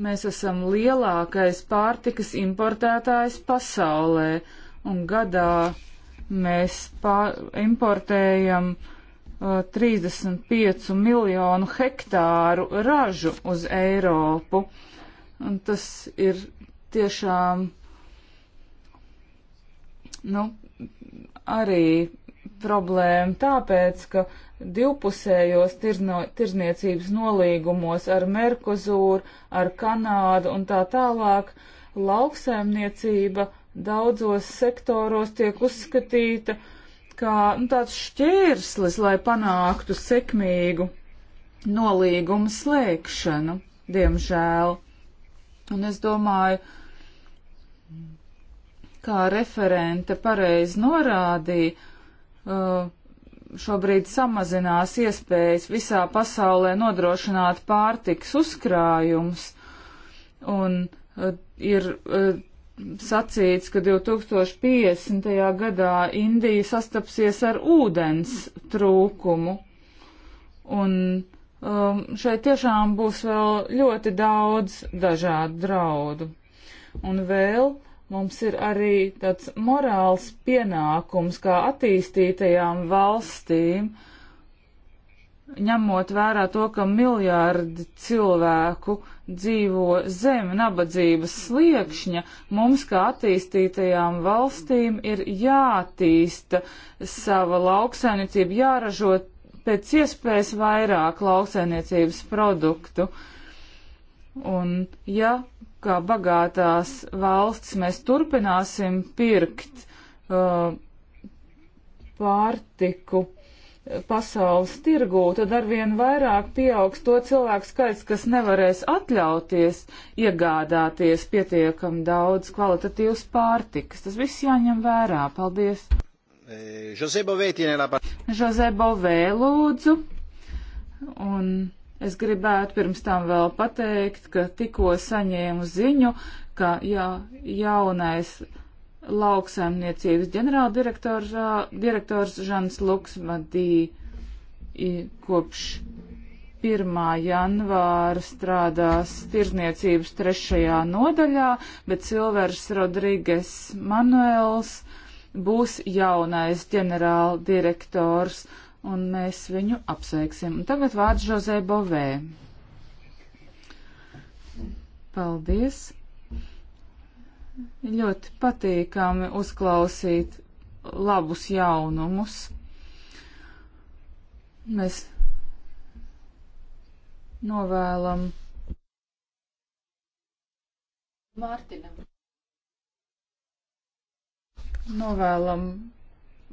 Mēs esam lielākais pārtikas importētājs pasaulē, un gadā Mēs pār, importējam uh, 35 miljonu hektāru ražu uz Eiropu. Un tas ir tiešām, nu, arī problēma tāpēc, ka divpusējos tirzno, tirzniecības nolīgumos ar Merkozūru, ar Kanādu un tā tālāk lauksaimniecība daudzos sektoros tiek uzskatīta kā nu, tāds šķērslis, lai panāktu sekmīgu nolīgumu slēgšanu, diemžēl. Un es domāju, kā referente pareizi norādīja, uh, šobrīd samazinās iespējas visā pasaulē nodrošināt pārtiks uzkrājumus, un uh, ir uh, sacīts, ka 2050. gadā Indija sastapsies ar ūdens trūkumu. Un um, šeit tiešām būs vēl ļoti daudz dažādu draudu. Un vēl mums ir arī tāds morāls pienākums kā attīstītajām valstīm, ņemot vērā to, ka miljārdi cilvēku dzīvo zem nabadzības sliekšņa, mums kā attīstītajām valstīm ir jātīsta sava lauksainicība, jāražo pēc iespējas vairāk lauksainiecības produktu. Un ja kā bagātās valsts mēs turpināsim pirkt uh, pārtiku, pasaules tirgū, tad arvien vairāk pieaugs to cilvēku skaits, kas nevarēs atļauties iegādāties pietiekam daudz kvalitatīvas pārtikas. Tas viss jāņem vērā. Paldies! Eh, Jose Bovē, lūdzu! Un es gribētu pirms tam vēl pateikt, ka tikko saņēmu ziņu, ka jā, jaunais lauksaimniecības ģenerāldirektors direktors Žans Luks vadīja kopš 1. janvāra strādās tirzniecības trešajā nodaļā, bet Silvers Rodrīgas Manuels būs jaunais ģenerāldirektors, un mēs viņu apsveiksim. Un tagad vārds Žozē Bovē. Paldies! ļoti patīkami uzklausīt labus jaunumus. Mēs novēlam Mārtiņam. Novēlam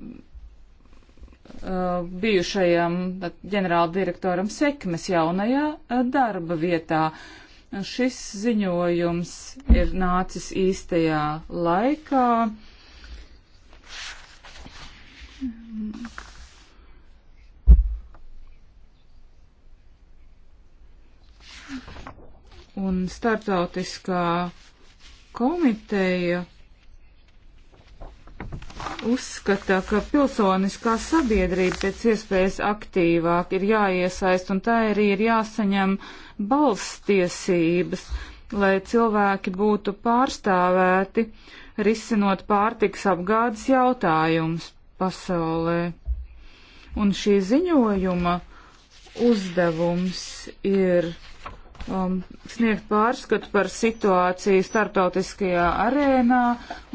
uh, bijušajam ģenerāldirektoram sekmes jaunajā uh, darba vietā. Uh, Šis ziņojums ir nācis īstajā laikā. Un starptautiskā komiteja uzskata, ka pilsoniskā sabiedrība pēc iespējas aktīvāk ir jāiesaist, un tā arī ir jāsaņem balstiesības, lai cilvēki būtu pārstāvēti, risinot pārtiks apgādes jautājumus pasaulē. Un šī ziņojuma uzdevums ir um, sniegt pārskatu par situāciju starptautiskajā arēnā,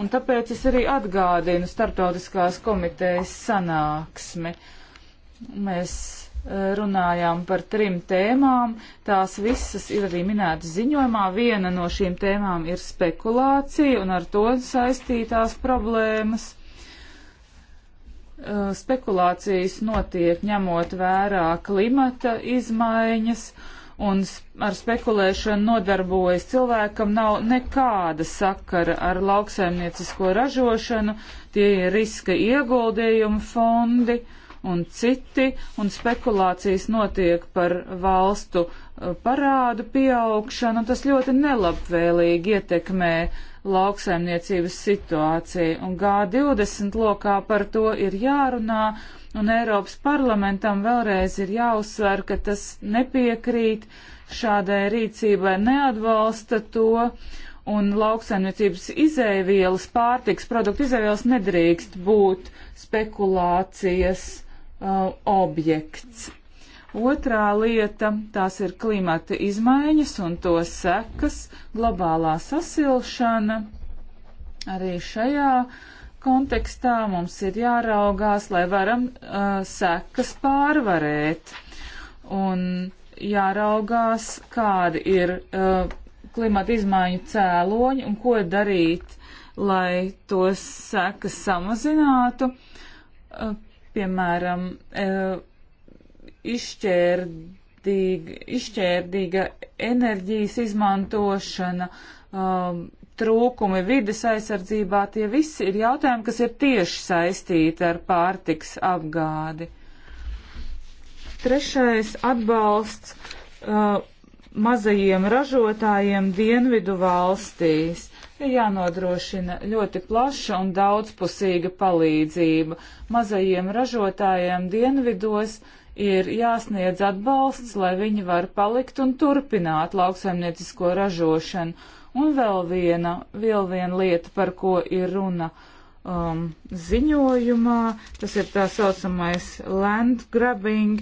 un tāpēc es arī atgādinu starptautiskās komitejas sanāksmi. Mēs uh, runājām par trim tēmām. Tās visas ir arī minētas ziņojumā. Viena no šīm tēmām ir spekulācija un ar to saistītās problēmas. Uh, spekulācijas notiek ņemot vērā klimata izmaiņas un ar spekulēšanu nodarbojas cilvēki, kam nav nekāda sakara ar lauksaimniecisko ražošanu, tie ir riska ieguldījumu fondi un citi, un spekulācijas notiek par valstu uh, parādu pieaugšanu, tas ļoti nelabvēlīgi ietekmē lauksaimniecības situāciju, un G20 lokā par to ir jārunā Un Eiropas parlamentam vēlreiz ir jāuzsver, ka tas nepiekrīt šādai rīcībai, neatbalsta to, un lauksaimniecības izēvielas, pārtiks produktu izēvielas nedrīkst būt spekulācijas uh, objekts. Otrā lieta - tās ir klimata izmaiņas un to sekas, globālā sasilšana. Arī šajā uh, kontekstā mums ir jāraugās, lai varam uh, sekas pārvarēt un jāraugās, kādi ir uh, klimata izmaiņu cēloņi un ko darīt, lai tos sekas samazinātu. Uh, piemēram, uh, izšķērdīt izšķērdīga enerģijas izmantošana, um, trūkumi vides aizsardzībā, tie visi ir jautājumi, kas ir tieši saistīti ar pārtiks apgādi. Trešais atbalsts uh, mazajiem ražotājiem dienvidu valstīs ir jānodrošina ļoti plaša un daudzpusīga palīdzība. Mazajiem ražotājiem dienvidos ir jāsniedz atbalsts, lai viņi var palikt un turpināt lauksaimniecisko ražošanu. Un vēl viena, vēl viena lieta, par ko ir runa um, ziņojumā, tas ir tā saucamais land grabbing.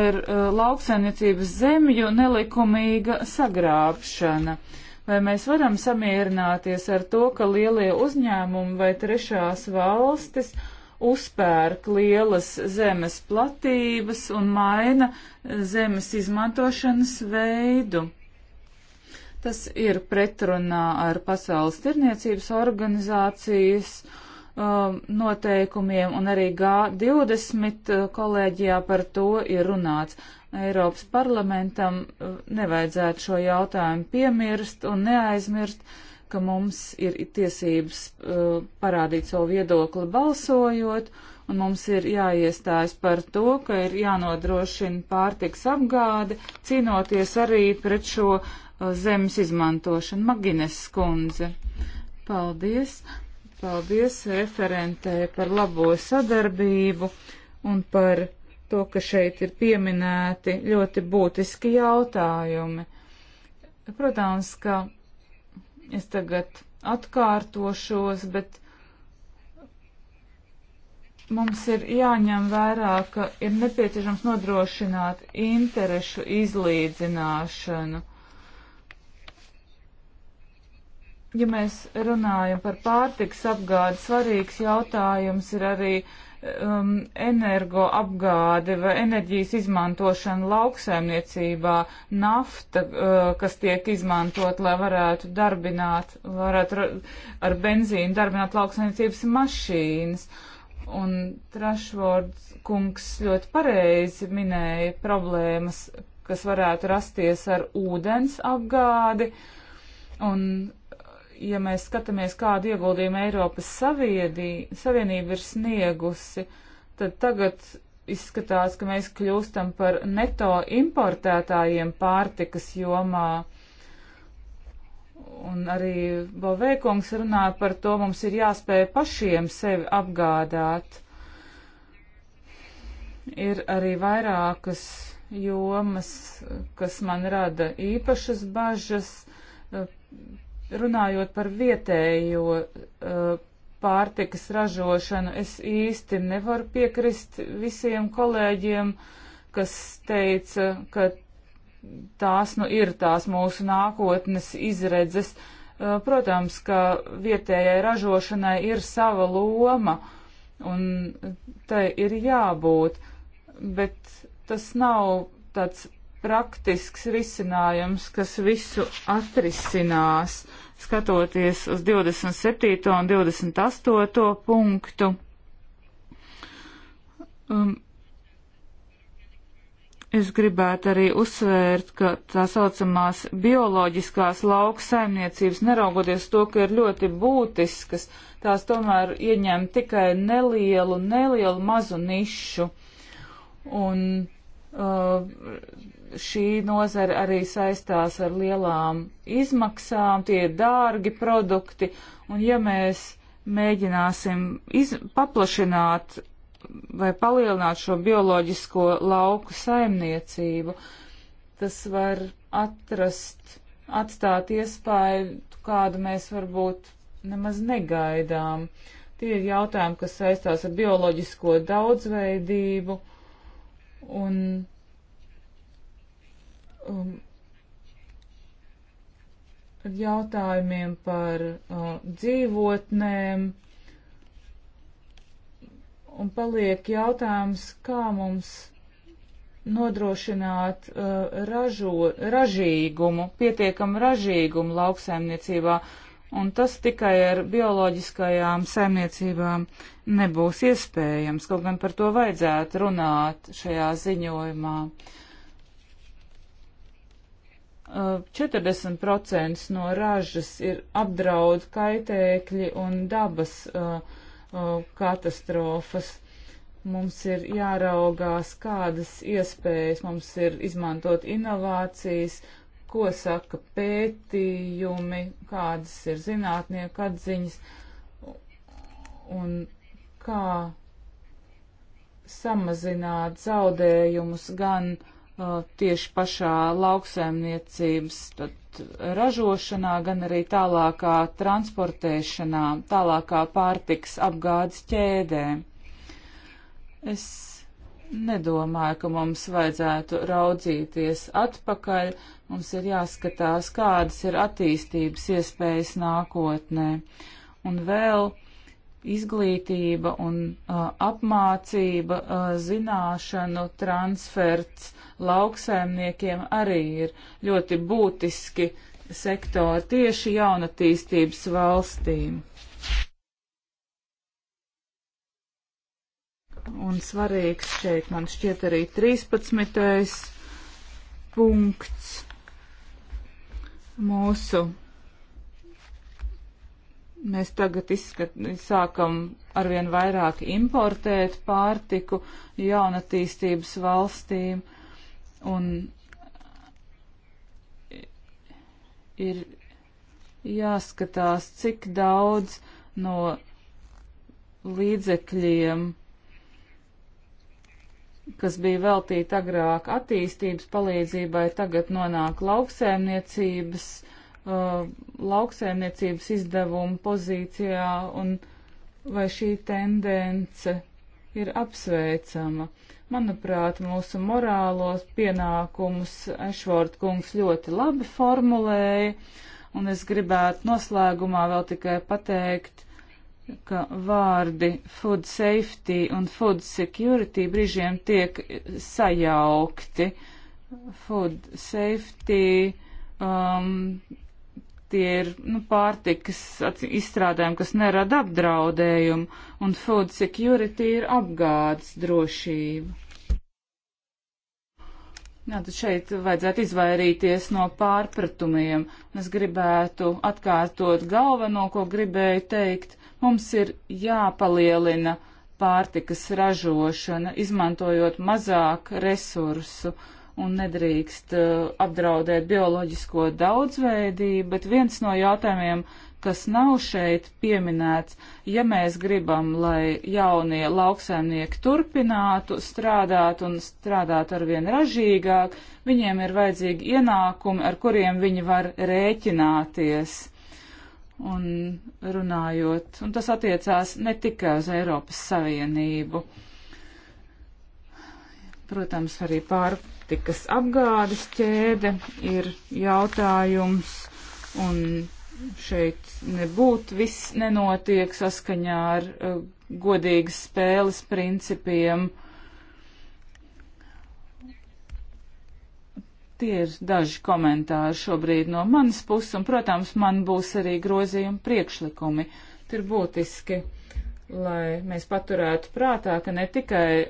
Ir uh, lauksaimniecības zemju nelikumīga sagrābšana. Vai mēs varam samierināties ar to, ka lielie uzņēmumi vai trešās valstis uzpērk lielas zemes platības un maina zemes izmantošanas veidu? Tas ir pretrunā ar Pasaules tirniecības organizācijas um, noteikumiem, un arī G20 uh, kolēģijā par to ir runāts. Eiropas parlamentam uh, nevajadzētu šo jautājumu piemirst un neaizmirst, ka mums ir tiesības uh, parādīt savu viedokli balsojot, un mums ir jāiestājas par to, ka ir jānodrošina pārtiks apgāde, cīnoties arī pret šo zemes izmantošanu. Magines skundze. Paldies. Paldies referentē par labo sadarbību un par to, ka šeit ir pieminēti ļoti būtiski jautājumi. Protams, ka es tagad atkārtošos, bet mums ir jāņem vērā, ka ir nepieciešams nodrošināt interešu izlīdzināšanu. ja mēs runājam par pārtiks apgādi, svarīgs jautājums ir arī um, energoapgāde vai enerģijas izmantošana lauksaimniecībā, nafta, uh, kas tiek izmantot, lai varētu darbināt, varētu ar benzīnu darbināt lauksaimniecības mašīnas. Un Trašvords kungs ļoti pareizi minēja problēmas, kas varētu rasties ar ūdens apgādi. Un ja mēs skatāmies, kādu ieguldījumu Eiropas saviedī, Savienība ir sniegusi, tad tagad izskatās, ka mēs kļūstam par neto importētājiem pārtikas jomā. Un arī Bovēkungs runā par to, mums ir jāspēj pašiem sevi apgādāt. Ir arī vairākas jomas, kas man rada īpašas bažas Runājot par vietējo uh, pārtikas ražošanu, es īsti nevaru piekrist visiem kolēģiem, kas teica, ka tās nu ir tās mūsu nākotnes izredzes. Uh, protams, ka vietējai ražošanai ir sava loma un tai ir jābūt, bet tas nav tāds praktisks risinājums, kas visu atrisinās. Uh, skatoties uz 27. un 28. punktu. Um, Es gribētu arī uzsvērt, ka tā saucamās bioloģiskās lauksaimniecības, neraugoties to, ka ir ļoti būtiskas, tās tomēr ieņem tikai nelielu, nelielu mazu nišu. Un uh, šī nozara arī saistās ar lielām izmaksām, tie ir dārgi produkti, un ja mēs mēģināsim iz, paplašināt vai palielināt šo bioloģisko lauku saimniecību, tas var atrast, atstāt iespēju, kādu mēs varbūt nemaz negaidām. Tie ir jautājumi, kas saistās ar bioloģisko daudzveidību un um, ar jautājumiem par uh, dzīvotnēm. Un paliek jautājums, kā mums nodrošināt uh, ražo, ražīgumu, pietiekamu ražīgumu lauksaimniecībā. Un tas tikai ar bioloģiskajām saimniecībām nebūs iespējams, kaut gan par to vajadzētu runāt šajā ziņojumā. Uh, 40% no ražas ir apdraud kaitēkļi un dabas uh, uh, katastrofas. Mums ir jāraugās, kādas iespējas mums ir izmantot inovācijas, ko saka pētījumi, kādas ir zinātnieku atziņas un kā samazināt zaudējumus gan uh, tieši pašā lauksaimniecības ražošanā, gan arī tālākā transportēšanā, tālākā pārtiks apgādes ķēdē. Es nedomāju, ka mums vajadzētu raudzīties atpakaļ, mums ir jāskatās, kādas ir attīstības iespējas nākotnē. Un vēl izglītība un uh, apmācība, uh, zināšanu transferts lauksēmniekiem arī ir ļoti būtiski sektori tieši jaunatīstības valstīm. Un svarīgs šeit man šķiet arī 13. punkts mūsu. Mēs tagad izskat, sākam arvien vairāk importēt pārtiku jaunatīstības valstīm. Uh, Un ir jāskatās, cik daudz no līdzekļiem, kas bija veltīti agrāk attīstības palīdzībai, tagad nonāk lauksēmniecības, uh, lauksēmniecības izdevumu pozīcijā un vai šī tendence ir apsveicama. Manuprāt, mūsu morālos pienākumus Ešvort kungs ļoti labi formulēja, un es gribētu noslēgumā vēl tikai pateikt, ka vārdi food safety un food security brīžiem tiek sajaukti. Food safety um, tie ir nu, pārtikas izstrādājumi, kas nerada apdraudējumu, un food security ir apgādes drošība. Jā, tad šeit vajadzētu izvairīties no pārpratumiem. Es gribētu atkārtot galveno, ko gribēju teikt. Mums ir jāpalielina pārtikas ražošana, izmantojot mazāk resursu un nedrīkst uh, apdraudēt bioloģisko daudzveidību, bet viens no jautājumiem, kas nav šeit pieminēts, ja mēs gribam, lai jaunie lauksaimnieki turpinātu strādāt un strādāt arvien ražīgāk, viņiem ir vajadzīgi ienākumi, ar kuriem viņi var rēķināties. Un runājot, un tas attiecās ne tikai uz Eiropas Savienību. Protams, arī pār pārtikas apgādes ķēde ir jautājums, un šeit nebūtu viss nenotiek saskaņā ar uh, godīgas spēles principiem. Tie ir daži komentāri šobrīd no manas puses, un, protams, man būs arī grozījumi priekšlikumi. Tie ir būtiski lai mēs paturētu prātā, ka ne tikai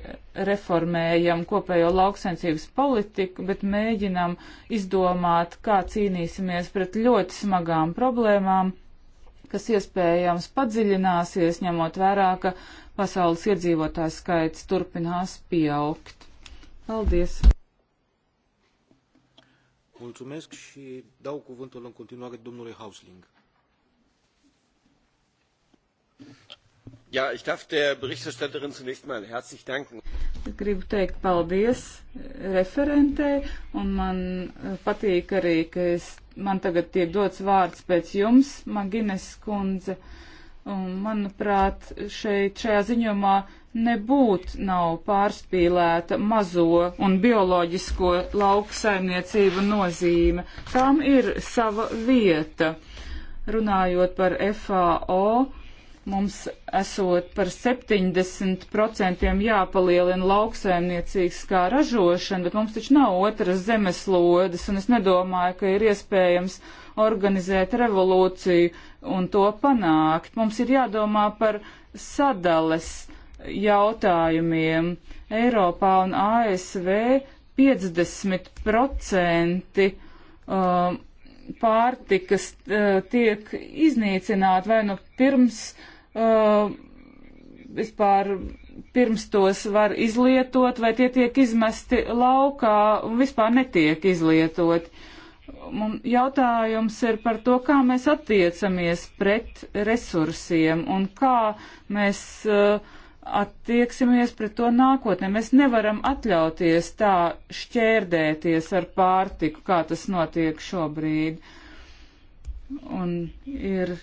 reformējam kopējo lauksensības politiku, bet mēģinam izdomāt, kā cīnīsimies pret ļoti smagām problēmām, kas iespējams padziļināsies, ņemot vērā, ka pasaules iedzīvotājs skaits turpinās pieaugt. Paldies! Mulțumesc și dau cuvântul în continuare domnului Hausling. Jā, ja, ich darf der Berichterstatterin zunächst mal herzlich danken. Gribu teikt paldies eh, referentei, un man eh, patīk arī, ka es, man tagad tiek dots vārds pēc jums, Magines kundze. Un, manuprāt, šeit šajā ziņumā nebūt nav pārspīlēta mazo un bioloģisko lauksaimniecību nozīme. Tām ir sava vieta. Runājot par FAO, mums esot par 70% jāpalielina lauksaimniecīgā ražošana, bet mums taču nav otras zemeslodes, un es nedomāju, ka ir iespējams organizēt revolūciju un to panākt. Mums ir jādomā par sadales jautājumiem. Eiropā un ASV 50% um, pārtikas uh, tiek iznīcināta vai nu pirms uh, uh, vispār pirms tos var izlietot, vai tie tiek izmesti laukā un vispār netiek izlietoti. Jautājums ir par to, kā mēs attiecamies pret resursiem un kā mēs uh, attieksimies pret to nākotnē. Mēs nevaram atļauties tā šķērdēties ar pārtiku, kā tas notiek šobrīd. Un ir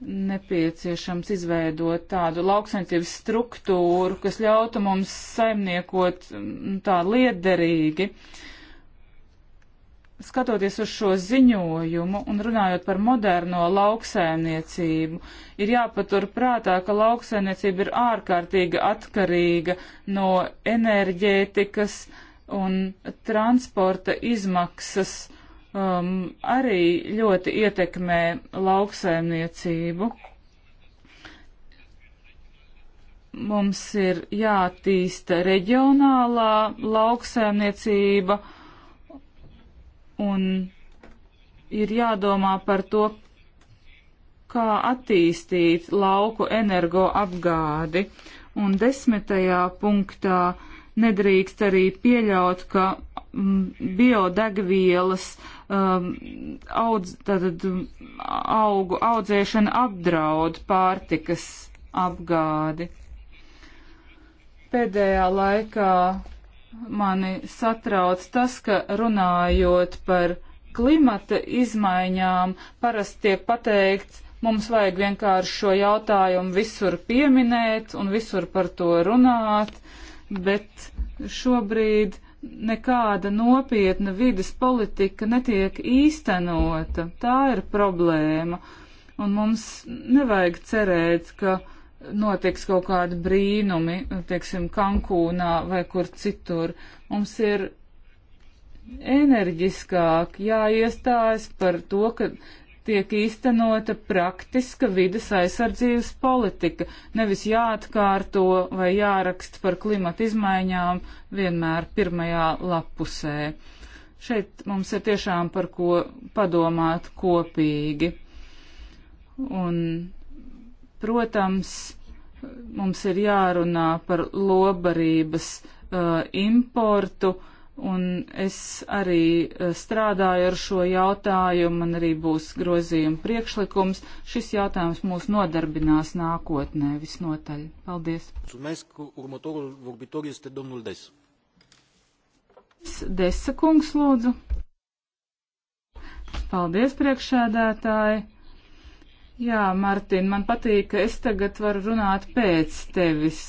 nepieciešams izveidot tādu lauksaimniecības struktūru, kas ļautu mums saimniekot mm, tā liederīgi. Skatoties uz šo ziņojumu un runājot par moderno lauksaimniecību, ir jāpatur prātā, ka lauksaimniecība ir ārkārtīgi atkarīga no enerģētikas un transporta izmaksas um, arī ļoti ietekmē lauksaimniecību. Mums ir jātīsta reģionālā lauksaimniecība un ir jādomā par to, kā attīstīt lauku energoapgādi. Un desmitajā punktā nedrīkst arī pieļaut, ka mm, biodegvielas uh, um, audz, tātad, um, augu audzēšana apdraud pārtikas apgādi. Pēdējā laikā mani satrauc tas, ka runājot par klimata izmaiņām, parasti tiek pateikts, mums vajag vienkārši šo jautājumu visur pieminēt un visur par to runāt, bet šobrīd nekāda nopietna vidas politika netiek īstenota. Tā ir problēma. Un mums nevajag cerēt, ka notiks kaut kādi brīnumi, teiksim, Kankūnā vai kur citur. Mums ir enerģiskāk jāiestājas par to, ka tiek īstenota praktiska vidas aizsardzības politika, nevis jāatkārto vai jāraksta par klimata izmaiņām vienmēr pirmajā lapusē. Šeit mums ir tiešām par ko padomāt kopīgi. Un, protams, mums ir jārunā par lobarības uh, importu, uh, Un es arī e, strādāju ar šo jautājumu, man arī būs grozījuma priekšlikums. Šis jautājums mūs nodarbinās nākotnē visnotaļ. Paldies. Desa kungs, lūdzu. Paldies, priekšēdētāji. Jā, Martin, man patīk, ka es tagad varu runāt pēc tevis.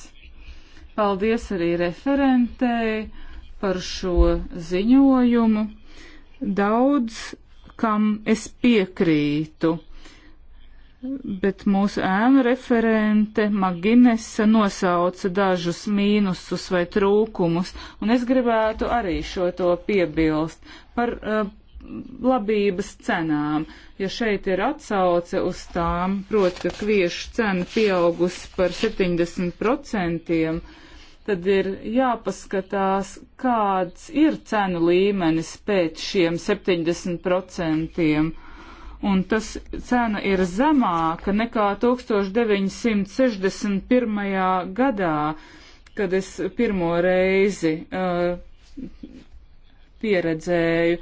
Paldies arī referentei par šo ziņojumu. Daudz, kam es piekrītu, bet mūsu ēnu referente Maginesa nosauca dažus mīnusus vai trūkumus, un es gribētu arī šo to piebilst par uh, labības cenām. Ja šeit ir atsauce uz tām, proti, ka kviešu cena pieaugusi par 70%, tad ir jāpaskatās, kāds ir cenu līmenis pēc šiem 70%. Un tas cena ir zemāka nekā 1961. gadā, kad es pirmo reizi uh, pieredzēju, uh,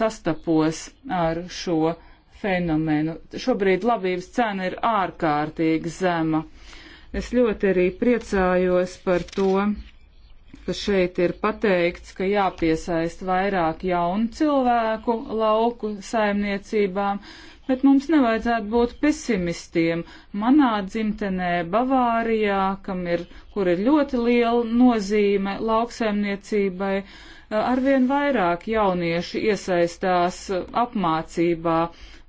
sastapos ar šo fenomenu. Šobrīd labības cena ir ārkārtīgi zema. Uh, Es ļoti arī priecājos par to, ka šeit ir pateikts, ka jāpiesaist vairāk jaunu cilvēku lauku saimniecībām, bet mums nevajadzētu būt pesimistiem. Manā dzimtenē Bavārijā, kam ir, kur ir ļoti liela nozīme lauksaimniecībai, arvien vairāk jaunieši iesaistās apmācībā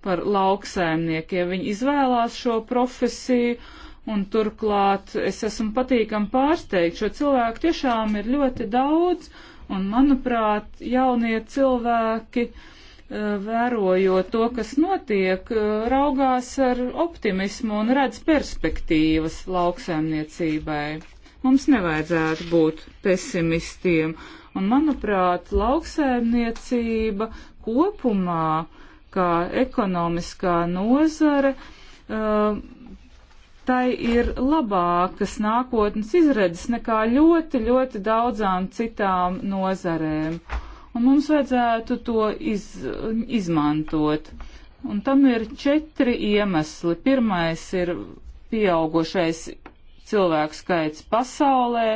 par lauksaimniekiem. Viņi izvēlās šo profesiju Un turklāt es esmu patīkam pārsteigt, šo cilvēku tiešām ir ļoti daudz, un manuprāt, jaunie cilvēki, eh, vērojot to, kas notiek, eh, raugās ar optimismu un redz perspektīvas lauksēmniecībai. Mums nevajadzētu būt pesimistiem, un manuprāt, lauksēmniecība kopumā, kā ekonomiskā nozare, uh, tai ir labākas nākotnes izredzes nekā ļoti, ļoti daudzām citām nozarēm. Un mums vajadzētu to iz, izmantot. Un tam ir četri iemesli. Pirmais ir pieaugušais cilvēku skaits pasaulē,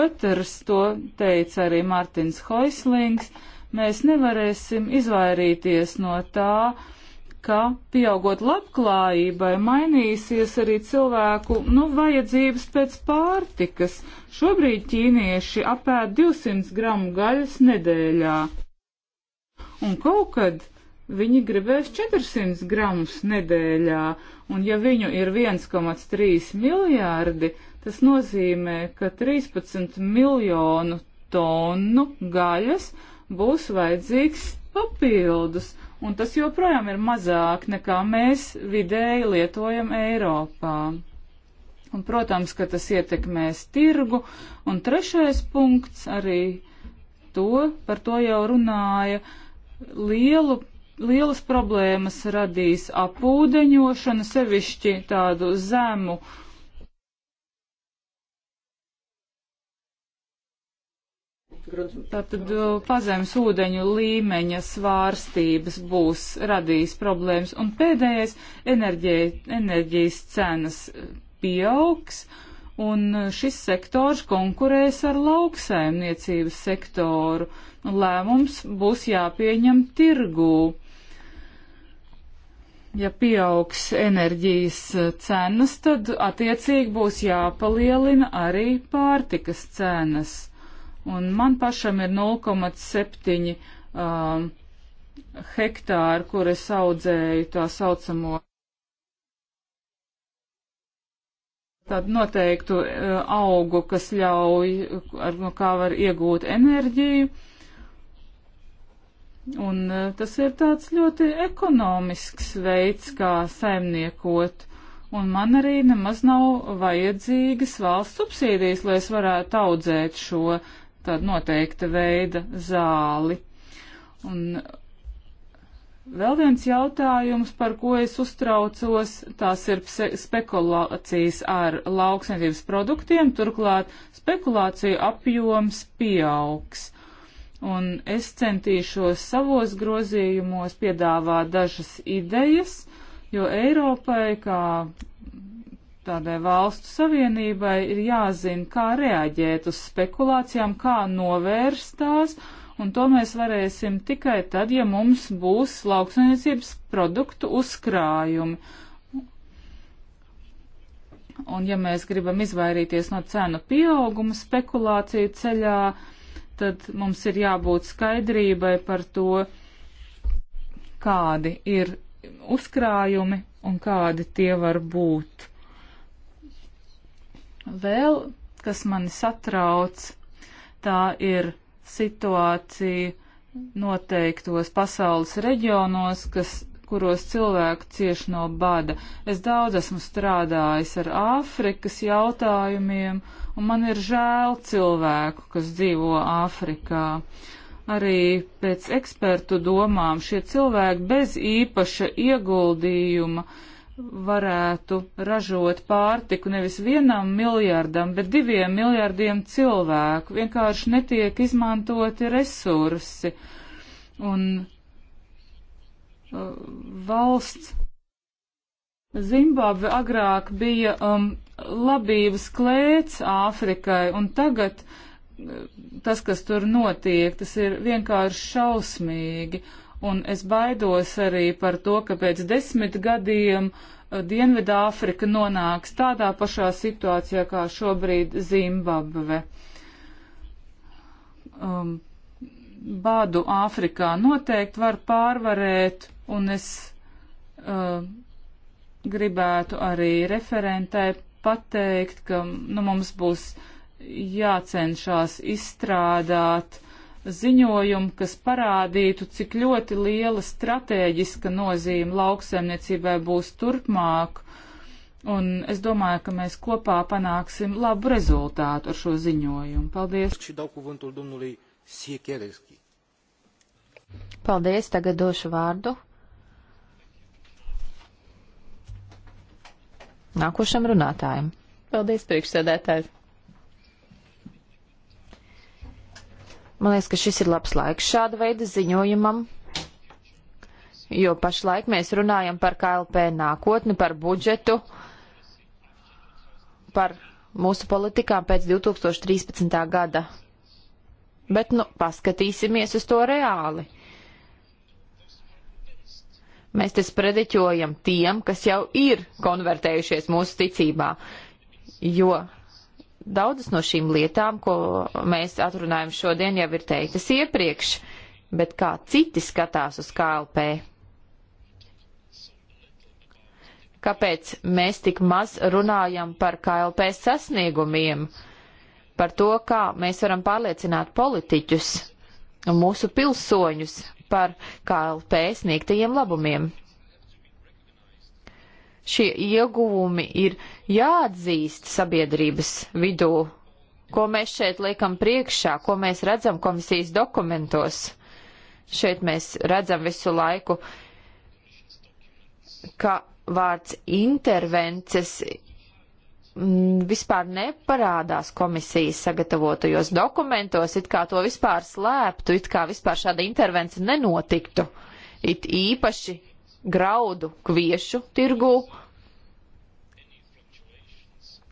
otrs, to teica arī Mārtiņš Hoislings, mēs nevarēsim izvairīties no tā, uh, ka pieaugot labklājībai mainīsies arī cilvēku nu, vajadzības pēc pārtikas. Šobrīd ķīnieši apēd 200 gramu gaļas nedēļā. Un kaut kad viņi gribēs 400 gramus nedēļā, un ja viņu ir 1,3 miljārdi, tas nozīmē, ka 13 miljonu tonu gaļas būs vajadzīgs papildus un tas joprojām ir mazāk nekā mēs vidēji lietojam Eiropā. Un, protams, ka tas ietekmēs tirgu, un trešais punkts arī to, par to jau runāja, lielu, lielas problēmas radīs apūdeņošana, sevišķi tādu zemu uh, Tātad pazemes ūdeņu līmeņa svārstības būs radījis problēmas. Un pēdējais - enerģijas cenas e, pieaugs, un e, šis sektors konkurēs ar lauksaimniecības sektoru. Lēmums būs jāpieņem tirgū. Ja pieaugs enerģijas e, cenas, tad attiecīgi būs jāpalielina arī pārtikas cenas un man pašam ir 0,7 um, hektāri, kur es audzēju tā saucamo tādu noteiktu uh, augu, kas ļauj, ar no kā var iegūt enerģiju. Un uh, tas ir tāds ļoti ekonomisks veids, kā saimniekot. Un man arī nemaz nav vajadzīgas valsts subsīdijas, lai es varētu audzēt šo uh, tāda noteikta veida zāli. Un vēl viens jautājums, par ko es uztraucos, tās ir spekulācijas ar lauksaimniecības produktiem, turklāt spekulāciju apjoms pieaugs. Un es centīšos savos grozījumos piedāvāt dažas idejas, jo Eiropai, kā Tādai valstu savienībai ir jāzina, kā reaģēt uz spekulācijām, kā novērst tās, un to mēs varēsim tikai tad, ja mums būs lauksainiecības produktu uzkrājumi. Un ja mēs gribam izvairīties no cenu pieauguma spekulāciju ceļā, tad mums ir jābūt skaidrībai par to, kādi ir uzkrājumi un kādi tie var būt. Vēl, kas mani satrauc, tā ir situācija noteiktos pasaules reģionos, kas, kuros cilvēki cieš no bada. Es daudz esmu strādājis ar Āfrikas jautājumiem, un man ir žēl cilvēku, kas dzīvo Āfrikā. Arī pēc ekspertu domām šie cilvēki bez īpaša ieguldījuma uh, varētu ražot pārtiku nevis vienam miljardam, bet diviem miljardiem cilvēku. Vienkārši netiek izmantoti resursi. Un uh, valsts Zimbabve agrāk bija um, labības klēts Āfrikai, un tagad uh, tas, kas tur notiek, tas ir vienkārši šausmīgi. Uh, un es baidos arī par to, ka pēc desmit gadiem uh, Dienvidāfrika nonāks tādā pašā situācijā kā šobrīd Zimbabve. Um, bādu Āfrikā noteikti var pārvarēt, un es uh, gribētu arī referentai pateikt, ka nu, mums būs jācenšās izstrādāt ziņojumu, kas parādītu, cik ļoti liela stratēģiska nozīme lauksaimniecībai būs turpmāk. Un es domāju, ka mēs kopā panāksim labu rezultātu ar šo ziņojumu. Paldies! Paldies, tagad došu vārdu. Nākošam runātājam. Paldies, priekšsēdētāji! Man liekas, ka šis ir labs laiks šāda veida ziņojumam, jo pašlaik mēs runājam par KLP nākotni, par budžetu, par mūsu politikām pēc 2013. gada. Bet, nu, paskatīsimies uz to reāli. Mēs te sprediķojam tiem, kas jau ir konvertējušies mūsu ticībā, jo Daudzas no šīm lietām, ko mēs atrunājam šodien, jau ir teiktas iepriekš, bet kā citi skatās uz KLP? Kāpēc mēs tik maz runājam par KLP sasniegumiem, par to, kā mēs varam pārliecināt politiķus, mūsu pilsoņus par KLP sniegtajiem labumiem? Šie ieguvumi ir jāatzīst sabiedrības vidū, ko mēs šeit liekam priekšā, ko mēs redzam komisijas dokumentos. Šeit mēs redzam visu laiku, ka vārds intervences mm, vispār neparādās komisijas sagatavotajos dokumentos, it kā to vispār slēptu, it kā vispār šāda intervence nenotiktu. It īpaši graudu kviešu tirgū,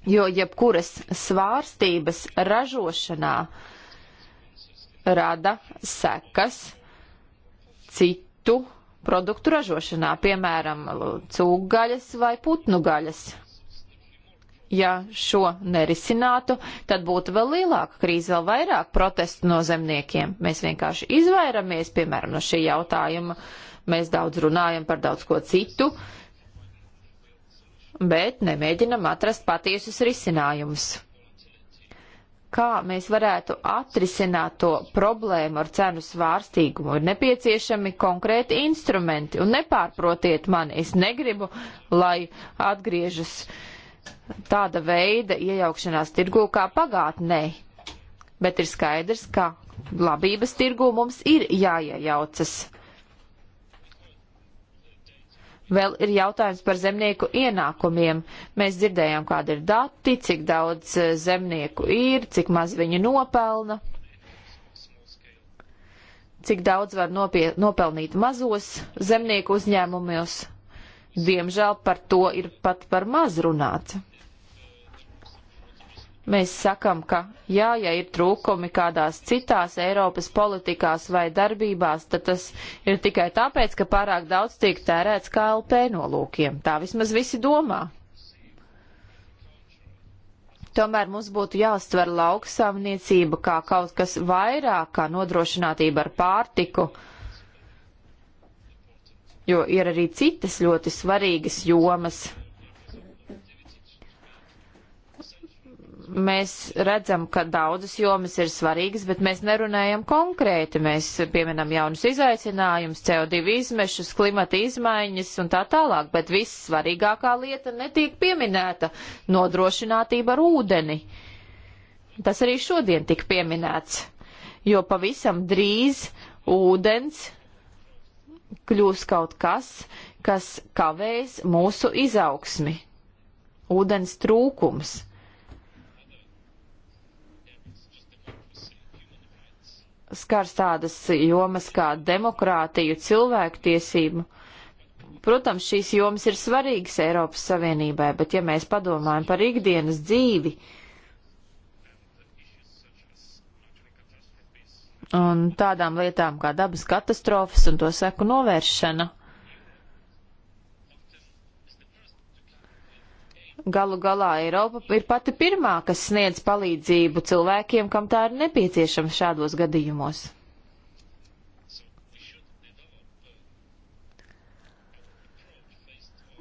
jo jebkuras svārstības ražošanā rada sekas citu produktu ražošanā, piemēram, cūgaļas vai putnu gaļas. Ja šo nerisinātu, tad būtu vēl lielāka krīze, vēl vairāk protestu no zemniekiem. Mēs vienkārši izvairamies, piemēram, no šī jautājuma. Uh, Mēs daudz runājam par daudz ko citu, bet nemēģinam atrast patiesus risinājumus. Kā mēs varētu atrisināt to problēmu ar cenu svārstīgumu? Ir nepieciešami konkrēti instrumenti, un nepārprotiet mani, es negribu, lai atgriežas tāda veida iejaukšanās tirgū kā pagātnē, bet ir skaidrs, ka labības tirgū mums ir jāiejaucas. Vēl ir jautājums par zemnieku ienākumiem. Mēs dzirdējām, kāda ir dati, cik daudz eh, zemnieku ir, cik maz viņi nopelna, cik daudz var nopie, nopelnīt mazos zemnieku uzņēmumos. Diemžēl par to ir pat par maz runāts. Mēs sakam, ka jā, ja ir trūkumi kādās citās Eiropas politikās vai darbībās, tad tas ir tikai tāpēc, ka pārāk daudz tiek tērēts KLP nolūkiem. Tā vismaz visi domā. Tomēr mums būtu jāuztver lauksaimniecība kā kaut kas vairāk, kā nodrošinātība ar pārtiku, jo ir arī citas ļoti svarīgas jomas, mēs redzam, ka daudzas jomas ir svarīgas, bet mēs nerunājam konkrēti. Mēs pieminam jaunus izaicinājumus, CO2 izmešus, klimata izmaiņas un tā tālāk, bet viss svarīgākā lieta netiek pieminēta - nodrošinātība ar ūdeni. Tas arī šodien tika pieminēts, jo pavisam drīz ūdens kļūs kaut kas, kas kavēs mūsu izaugsmi. Ūdens trūkums. skars tādas jomas kā demokrātiju, cilvēktiesību. Protams, šīs jomas ir svarīgas Eiropas Savienībai, bet ja mēs padomājam par ikdienas dzīvi un tādām lietām kā dabas katastrofas un to seku novēršana, Galu galā Eiropa ir pati pirmā, kas sniedz palīdzību cilvēkiem, kam tā ir nepieciešama šādos gadījumos.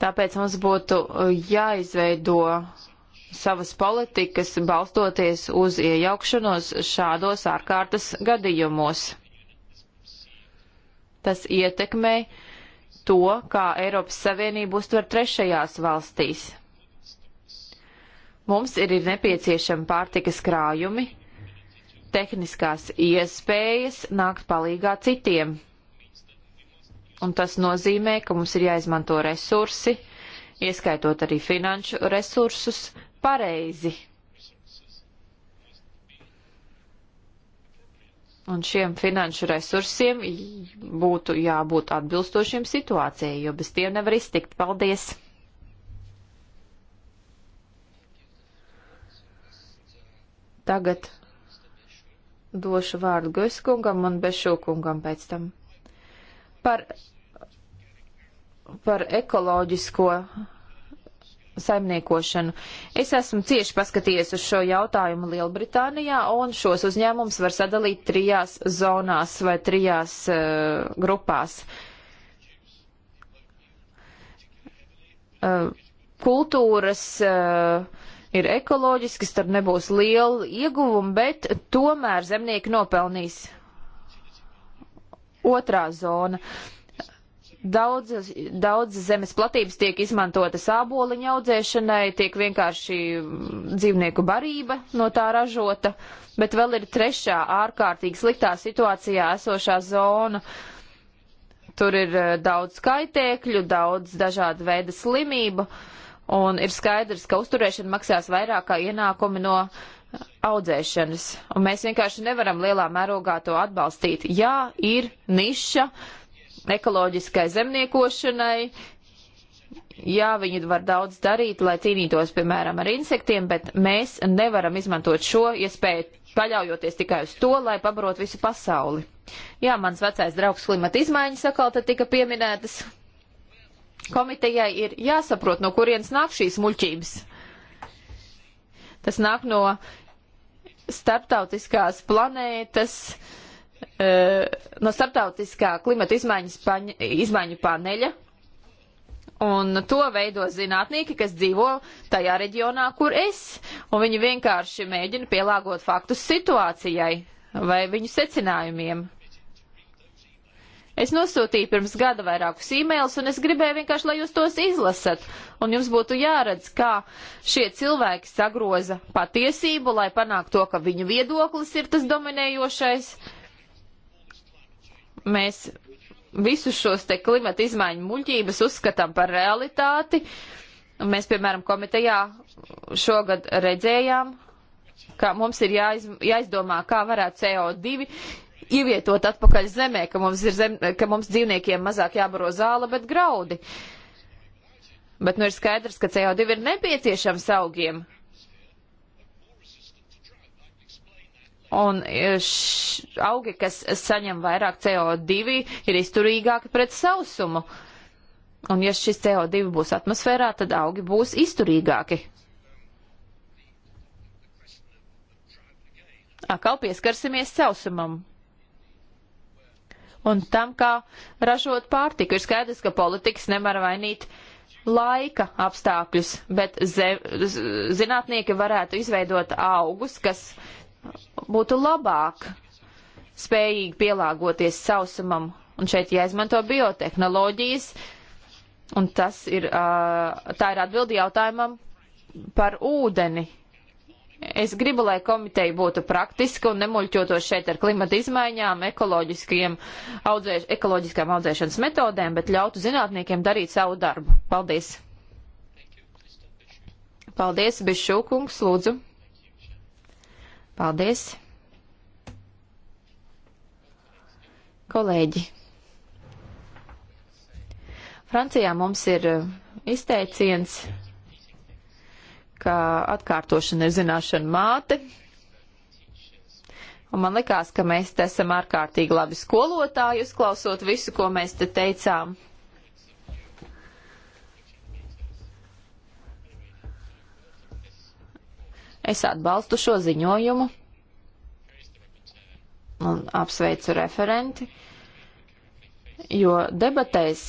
Tāpēc mums būtu uh, jāizveido savas politikas balstoties uz iejaukšanos šādos ārkārtas gadījumos. Tas ietekmē to, kā Eiropas Savienība uztver trešajās valstīs. Mums ir, ir nepieciešami pārtikas krājumi, tehniskās iespējas nākt palīgā citiem. Un tas nozīmē, ka mums ir jāizmanto resursi, ieskaitot arī finanšu resursus, pareizi. Un šiem finanšu resursiem būtu jābūt atbilstošiem situācijai, jo bez tiem nevar iztikt. Paldies! Tagad došu vārdu Guskungam un Bešūkungam pēc tam. Par, par ekoloģisko saimniekošanu. Es esmu cieši paskatījies uz šo jautājumu Lielbritānijā, un šos uzņēmumus var sadalīt trijās zonās vai trijās uh, grupās. Uh, kultūras uh, ir ekoloģiskas, tad nebūs liela ieguvuma, bet tomēr zemnieki nopelnīs. Otrā zona. Daudzas daudz zemes platības tiek izmantotas āboliņa audzēšanai, tiek vienkārši dzīvnieku barība no tā ražota, bet vēl ir trešā ārkārtīgi sliktā situācijā esošā zona. Tur ir eh, daudz kaitēkļu, daudz dažādu veidu slimību. Uh, un ir skaidrs, ka uzturēšana maksās vairāk kā ienākumi no uh, audzēšanas, un mēs vienkārši nevaram lielā mērogā to atbalstīt. Jā, ir niša ekoloģiskai zemniekošanai, jā, viņi var daudz darīt, lai cīnītos, piemēram, ar insektiem, bet mēs nevaram izmantot šo iespēju, paļaujoties tikai uz to, lai pabarot visu pasauli. Jā, mans vecais draugs klimata izmaiņas atkal te tika pieminētas, Komitejai ir jāsaprot, no kurienes nāk šīs muļķības. Tas nāk no starptautiskās planētas, eh, no starptautiskā klimata izmaiņas, izmaiņu paneļa. Un to veido zinātnieki, kas dzīvo tajā reģionā, kur es. Un viņi vienkārši mēģina pielāgot faktus situācijai vai viņu secinājumiem. Es nosūtīju pirms gada vairākus e-mailus, un es gribēju vienkārši, lai jūs tos izlasat, un jums būtu jāredz, kā šie cilvēki sagroza patiesību, lai panāktu to, ka viņu viedoklis ir tas dominējošais. Mēs visus šos te klimata izmaiņu muļķības uzskatām par realitāti. Mēs, piemēram, komitejā šogad redzējām, ka mums ir jāiz, jāizdomā, kā varētu CO2 ievietot atpakaļ zemē, ka mums, ir zem, ka mums dzīvniekiem mazāk jābaro zāle, bet graudi. Bet nu ir skaidrs, ka CO2 ir nepieciešams augiem. Un e, š, augi, kas saņem vairāk CO2, ir izturīgāki pret sausumu. Un ja šis CO2 būs atmosfērā, tad augi būs izturīgāki. Atkal pieskarsimies sausumam un tam, kā ražot pārtiku. Ir skaidrs, ka politikas nevar vainīt laika apstākļus, bet zinātnieki varētu izveidot augus, kas būtu labāk spējīgi pielāgoties sausumam. Un šeit jāizmanto biotehnoloģijas, un tas ir, tā ir atbildi jautājumam par ūdeni. Es gribu, lai komiteja būtu praktiska un nemuļķotos šeit ar klimata izmaiņām, audzēš, ekoloģiskām audzēšanas metodēm, bet ļautu zinātniekiem darīt savu darbu. Paldies! Paldies, Bišūkungs, lūdzu! Paldies! Kolēģi! Francijā mums ir uh, izteiciens ka atkārtošana ir zināšana māte. Un man likās, ka mēs te esam ārkārtīgi labi skolotāji, uzklausot visu, ko mēs te teicām. Es atbalstu šo ziņojumu un apsveicu referenti, jo debatēs,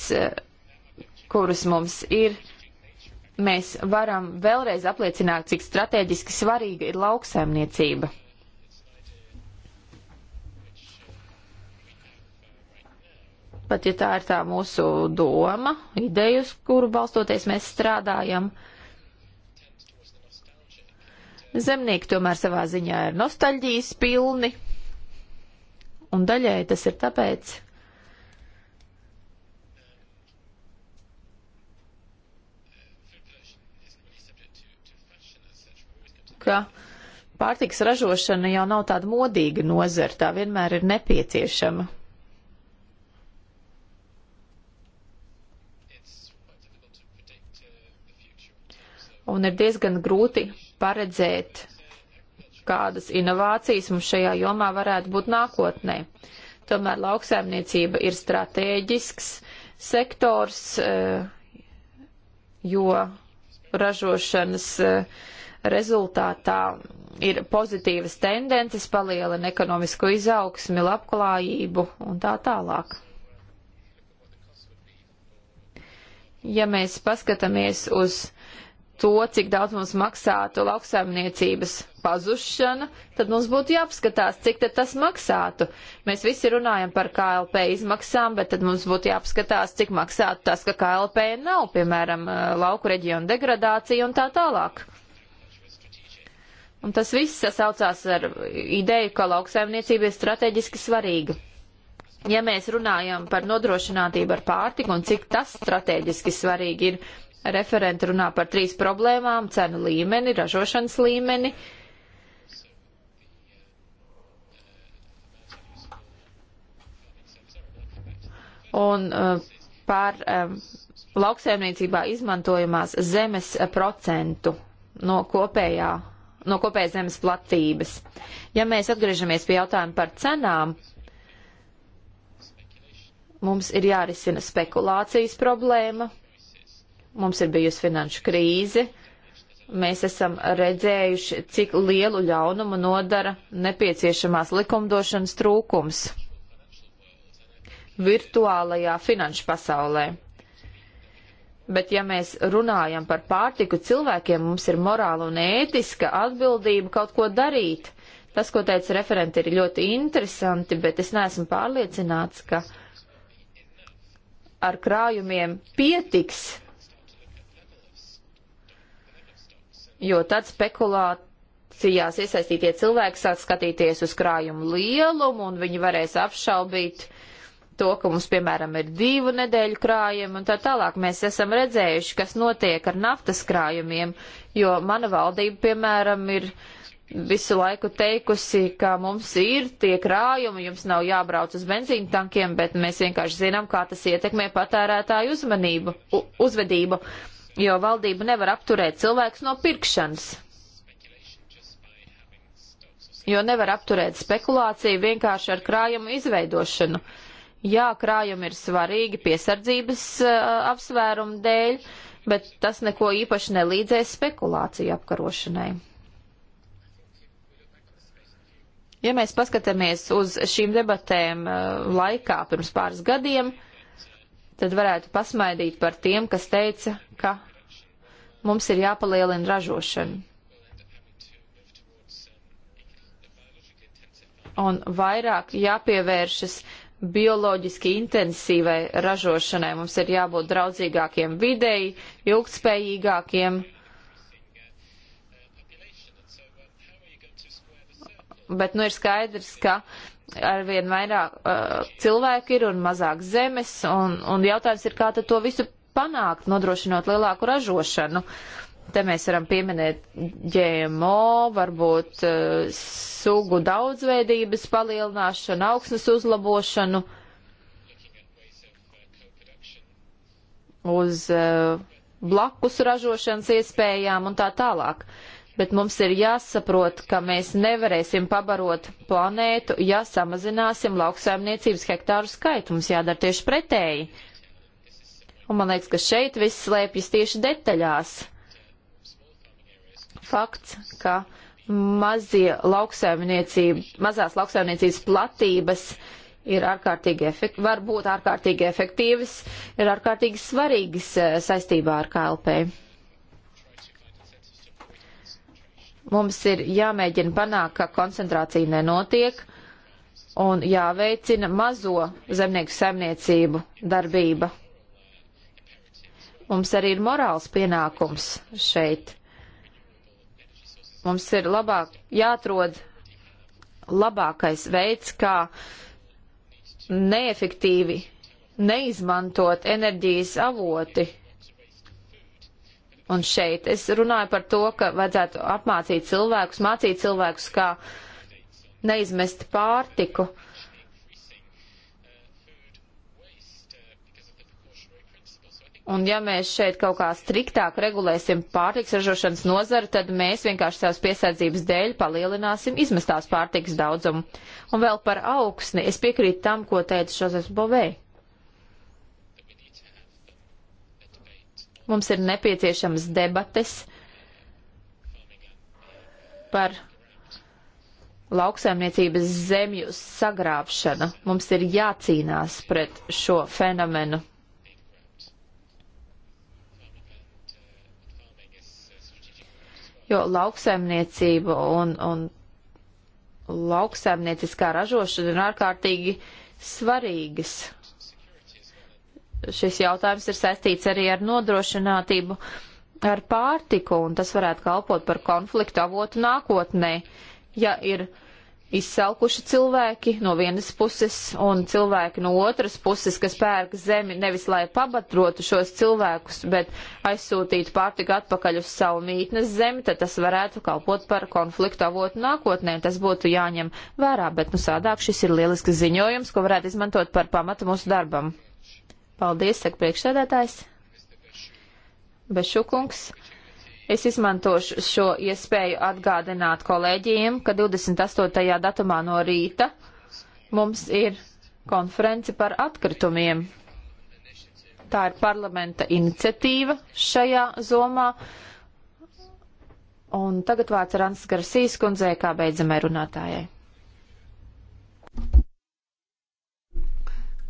kuras mums ir, mēs varam vēlreiz apliecināt, cik strateģiski svarīga ir lauksaimniecība. Pat ja tā ir tā mūsu doma, ideja, uz kuru balstoties mēs strādājam, zemnieki tomēr savā ziņā ir nostalģijas pilni, un daļai tas ir tāpēc, ka pārtiks ražošana jau nav tāda modīga nozara, tā vienmēr ir nepieciešama. Un ir diezgan grūti paredzēt, kādas inovācijas mums šajā jomā varētu būt nākotnē. Tomēr lauksaimniecība ir strateģisks sektors, eh, jo ražošanas uh, rezultātā ir pozitīvas tendences, palielina ekonomisko izaugsmi, labklājību un tā tālāk. Ja mēs paskatāmies uz to, cik daudz mums maksātu lauksaimniecības pazušana, tad mums būtu jāapskatās, cik tas maksātu. Mēs visi runājam par KLP izmaksām, bet tad mums būtu jāapskatās, cik maksātu tas, ka KLP nav, piemēram, lauku reģionu degradācija un tā tālāk. Un tas viss sasaucās ar ideju, ka lauksaimniecība ir strateģiski svarīga. Ja mēs runājam par nodrošinātību ar pārtiku un cik tas strateģiski svarīgi ir, referenti runā par trīs problēmām - cenu līmeni, ražošanas līmeni. Un uh, par um, lauksaimniecībā izmantojamās zemes procentu no kopējā no kopējas zemes platības. Ja mēs atgriežamies pie jautājuma par cenām, mums ir jārisina spekulācijas problēma, mums ir bijusi finanšu krīze, mēs esam redzējuši, cik lielu ļaunumu nodara nepieciešamās likumdošanas trūkums virtuālajā finanšu pasaulē. Bet ja mēs runājam par pārtiku cilvēkiem, mums ir morāla un ētiska atbildība kaut ko darīt. Tas, ko teica referenti, ir ļoti interesanti, bet es neesmu pārliecināts, ka ar krājumiem pietiks, jo tad spekulācijās iesaistītie cilvēki sāk skatīties uz krājumu lielumu un viņi varēs apšaubīt to, ka mums, piemēram, ir divu nedēļu krājumi un tā tālāk. Mēs esam redzējuši, kas notiek ar naftas krājumiem, jo mana valdība, piemēram, ir visu laiku teikusi, ka mums ir tie krājumi, jums nav jābrauc uz benzīna tankiem, bet mēs vienkārši zinām, kā tas ietekmē patērētāju uzmanību, uzvedību, jo valdība nevar apturēt cilvēks no pirkšanas. Jo nevar apturēt spekulāciju vienkārši ar krājumu izveidošanu. Uh, Jā, krājumi ir svarīgi piesardzības uh, apsvērumu dēļ, bet tas neko īpaši nelīdzēs spekulāciju apkarošanai. Ja mēs paskatāmies uz šīm debatēm uh, laikā pirms pāris gadiem, tad varētu pasmaidīt par tiem, kas teica, ka mums ir jāpalielina ražošana. Un vairāk jāpievēršas bioloģiski intensīvai ražošanai. Mums ir jābūt draudzīgākiem videi, ilgspējīgākiem. Bet nu ir skaidrs, ka arvien vairāk uh, cilvēku ir un mazāk zemes, un, un jautājums ir, kā tad to visu panākt, nodrošinot lielāku ražošanu. Uh, Te mēs varam pieminēt GMO, varbūt uh, sugu daudzveidības palielināšanu, augsnes uzlabošanu uz uh, blakus ražošanas iespējām un tā tālāk. Bet mums ir jāsaprot, ka mēs nevarēsim pabarot planētu, ja samazināsim lauksaimniecības hektāru skaitu. Mums jādara tieši pretēji. Un man liekas, ka šeit viss slēpjas tieši detaļās fakts, ka mazie lauksaimniecība, mazās lauksaimniecības platības ir ārkārtīgi efekt, var būt ārkārtīgi efektīvas, ir ārkārtīgi svarīgas eh, saistībā ar KLP. Mums ir jāmēģina panākt, ka koncentrācija nenotiek un jāveicina mazo zemnieku saimniecību darbība. Mums arī ir morāls pienākums šeit. Mums ir labāk jāatrod labākais veids, kā neefektīvi neizmantot enerģijas avoti. Un šeit es runāju par to, ka vajadzētu apmācīt cilvēkus, mācīt cilvēkus, kā neizmest pārtiku. Un ja mēs šeit kaut kā striktāk regulēsim pārtiks ražošanas nozaru, tad mēs vienkārši savas piesardzības dēļ palielināsim izmestās pārtiks daudzumu. Un vēl par augsni es piekrītu tam, ko teica Žozefs Bovē. Mums ir nepieciešams debates par lauksaimniecības zemju sagrābšanu. Mums ir jācīnās pret šo fenomenu jo lauksaimniecība un, un lauksaimnieciskā ražošana ir ārkārtīgi svarīgas. Šis jautājums ir saistīts arī ar nodrošinātību ar pārtiku, un tas varētu kalpot par konfliktu avotu nākotnē. Ja ir uh, izsalkuši cilvēki no vienas puses un cilvēki no otras puses, kas pērk zemi nevis lai pabatrotu šos cilvēkus, bet aizsūtītu pārtika atpakaļ uz savu mītnes zemi, tad tas varētu kalpot par konfliktu avotu nākotnē. Tas būtu jāņem vērā, bet nu sādāk šis ir lielisks ziņojums, ko varētu izmantot par pamatu mūsu darbam. Paldies, saka priekšsēdētājs. Bešukungs. Es izmantošu šo iespēju atgādināt kolēģiem, ka 28. datumā no rīta mums ir konference par atkritumiem. Tā ir parlamenta iniciatīva šajā zomā. Un tagad vārds Rans Garsīs kundzei kā beidzamai runātājai.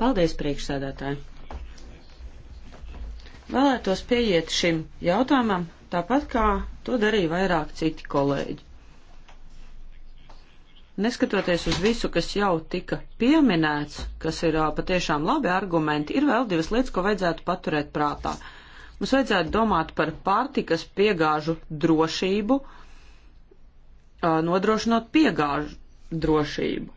Paldies, priekšsēdētāji! Vēlētos pieiet šim jautājumam tāpat kā to darīja vairāk citi kolēģi. Neskatoties uz visu, kas jau tika pieminēts, kas ir patiešām labi argumenti, ir vēl divas lietas, ko vajadzētu paturēt prātā. Mums vajadzētu domāt par pārtikas piegāžu drošību, nodrošinot piegāžu drošību.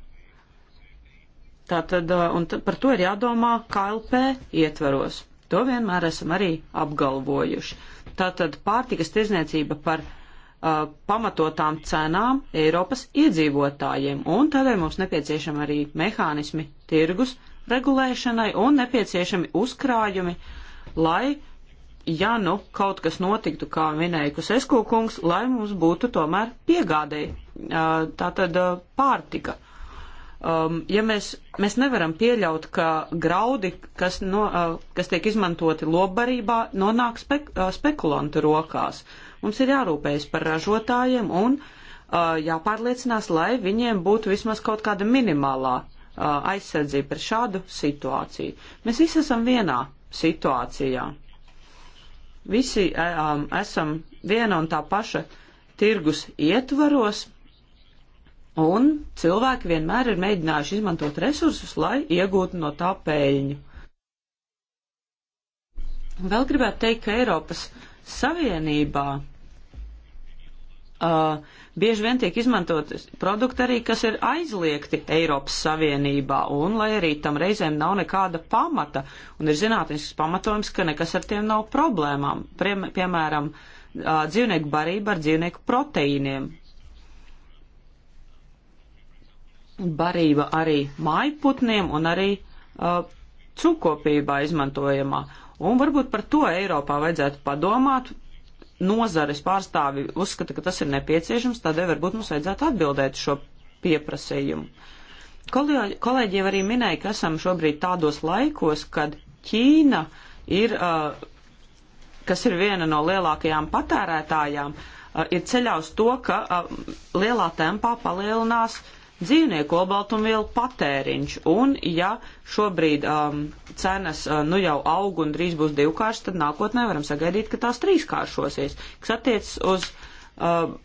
Tātad, un par to ir jādomā KLP ietvaros. To vienmēr esam arī apgalvojuši. Tātad pārtikas tirzniecība par uh, pamatotām cenām Eiropas iedzīvotājiem, un tādēļ mums nepieciešami arī mehānismi tirgus regulēšanai un nepieciešami uzkrājumi, lai, ja nu kaut kas notiktu, kā minēja Kusesko kungs, lai mums būtu tomēr piegādēji, uh, tātad uh, pārtika um, ja mēs, mēs nevaram pieļaut, ka graudi, kas, no, uh, kas tiek izmantoti lobbarībā, nonāk spek, uh, spekulantu rokās. Mums ir jārūpējas par ražotājiem un uh, jāpārliecinās, lai viņiem būtu vismaz kaut kāda minimālā uh, aizsardzība par šādu situāciju. Mēs visi esam vienā situācijā. Visi uh, um, esam viena un tā paša tirgus ietvaros, Un cilvēki vienmēr ir mēģinājuši izmantot resursus, lai iegūtu no tā peļņu. Vēl gribētu teikt, ka Eiropas Savienībā uh, bieži vien tiek izmantot produkti arī, kas ir aizliegti Eiropas Savienībā, un lai arī tam reizēm nav nekāda pamata, un ir zinātnisks pamatojums, ka nekas ar tiem nav problēmām. Prie, piemēram, uh, dzīvnieku barība ar dzīvnieku proteīniem. barība arī mājputniem un arī uh, cūkopībā izmantojamā. Un varbūt par to Eiropā vajadzētu padomāt. Nozares pārstāvi uzskata, ka tas ir nepieciešams, tādēļ varbūt mums vajadzētu atbildēt šo pieprasījumu. Kolēģi, kolēģi jau arī minēja, ka esam šobrīd tādos laikos, kad Ķīna ir, uh, kas ir viena no lielākajām patērētājām, uh, ir ceļā uz to, ka uh, lielā tempā palielinās uh, dzīvnieku olbaltumvielu patēriņš. Un, ja šobrīd um, cenas uh, nu jau aug un drīz būs divkāršas, tad nākotnē varam sagaidīt, ka tās trīskāršosies. Kas attiecas uz uh,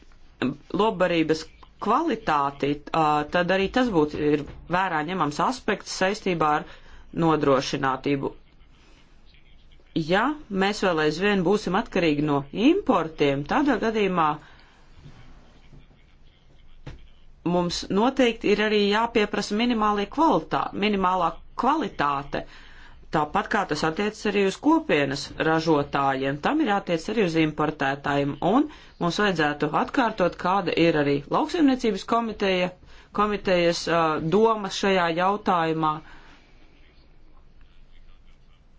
lobbarības kvalitāti, uh, tad arī tas būtu ir vērā ņemams aspekts saistībā ar nodrošinātību. Ja mēs vēl aizvien būsim atkarīgi no importiem, tādā gadījumā uh, mums noteikti ir arī jāpieprasa kvalitā, minimālā kvalitāte. Tāpat kā tas attiecas arī uz kopienas ražotājiem, tam ir jātiec arī uz importētājiem, un mums vajadzētu atkārtot, kāda ir arī lauksaimniecības komiteja, komitejas uh, doma šajā jautājumā. Uh,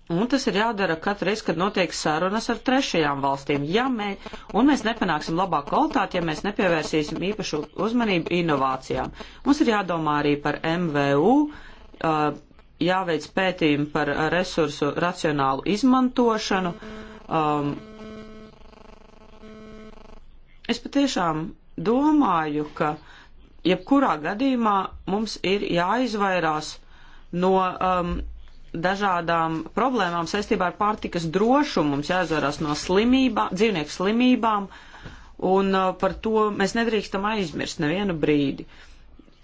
Un tas ir jādara katru reizi, kad notiek sarunas ar trešajām valstīm. Ja mē, un mēs nepanāksim labāku kvalitāti, ja mēs nepievērsīsim īpašu uzmanību inovācijām. Mums ir jādomā arī par MVU, jāveic pētījumi par resursu racionālu izmantošanu. Es patiešām domāju, ka jebkurā gadījumā mums ir jāizvairās no um, dažādām problēmām saistībā ar pārtikas drošumu. Mums jāizvarās no slimībām, dzīvnieku slimībām, un uh, par to mēs nedrīkstam aizmirst nevienu brīdi.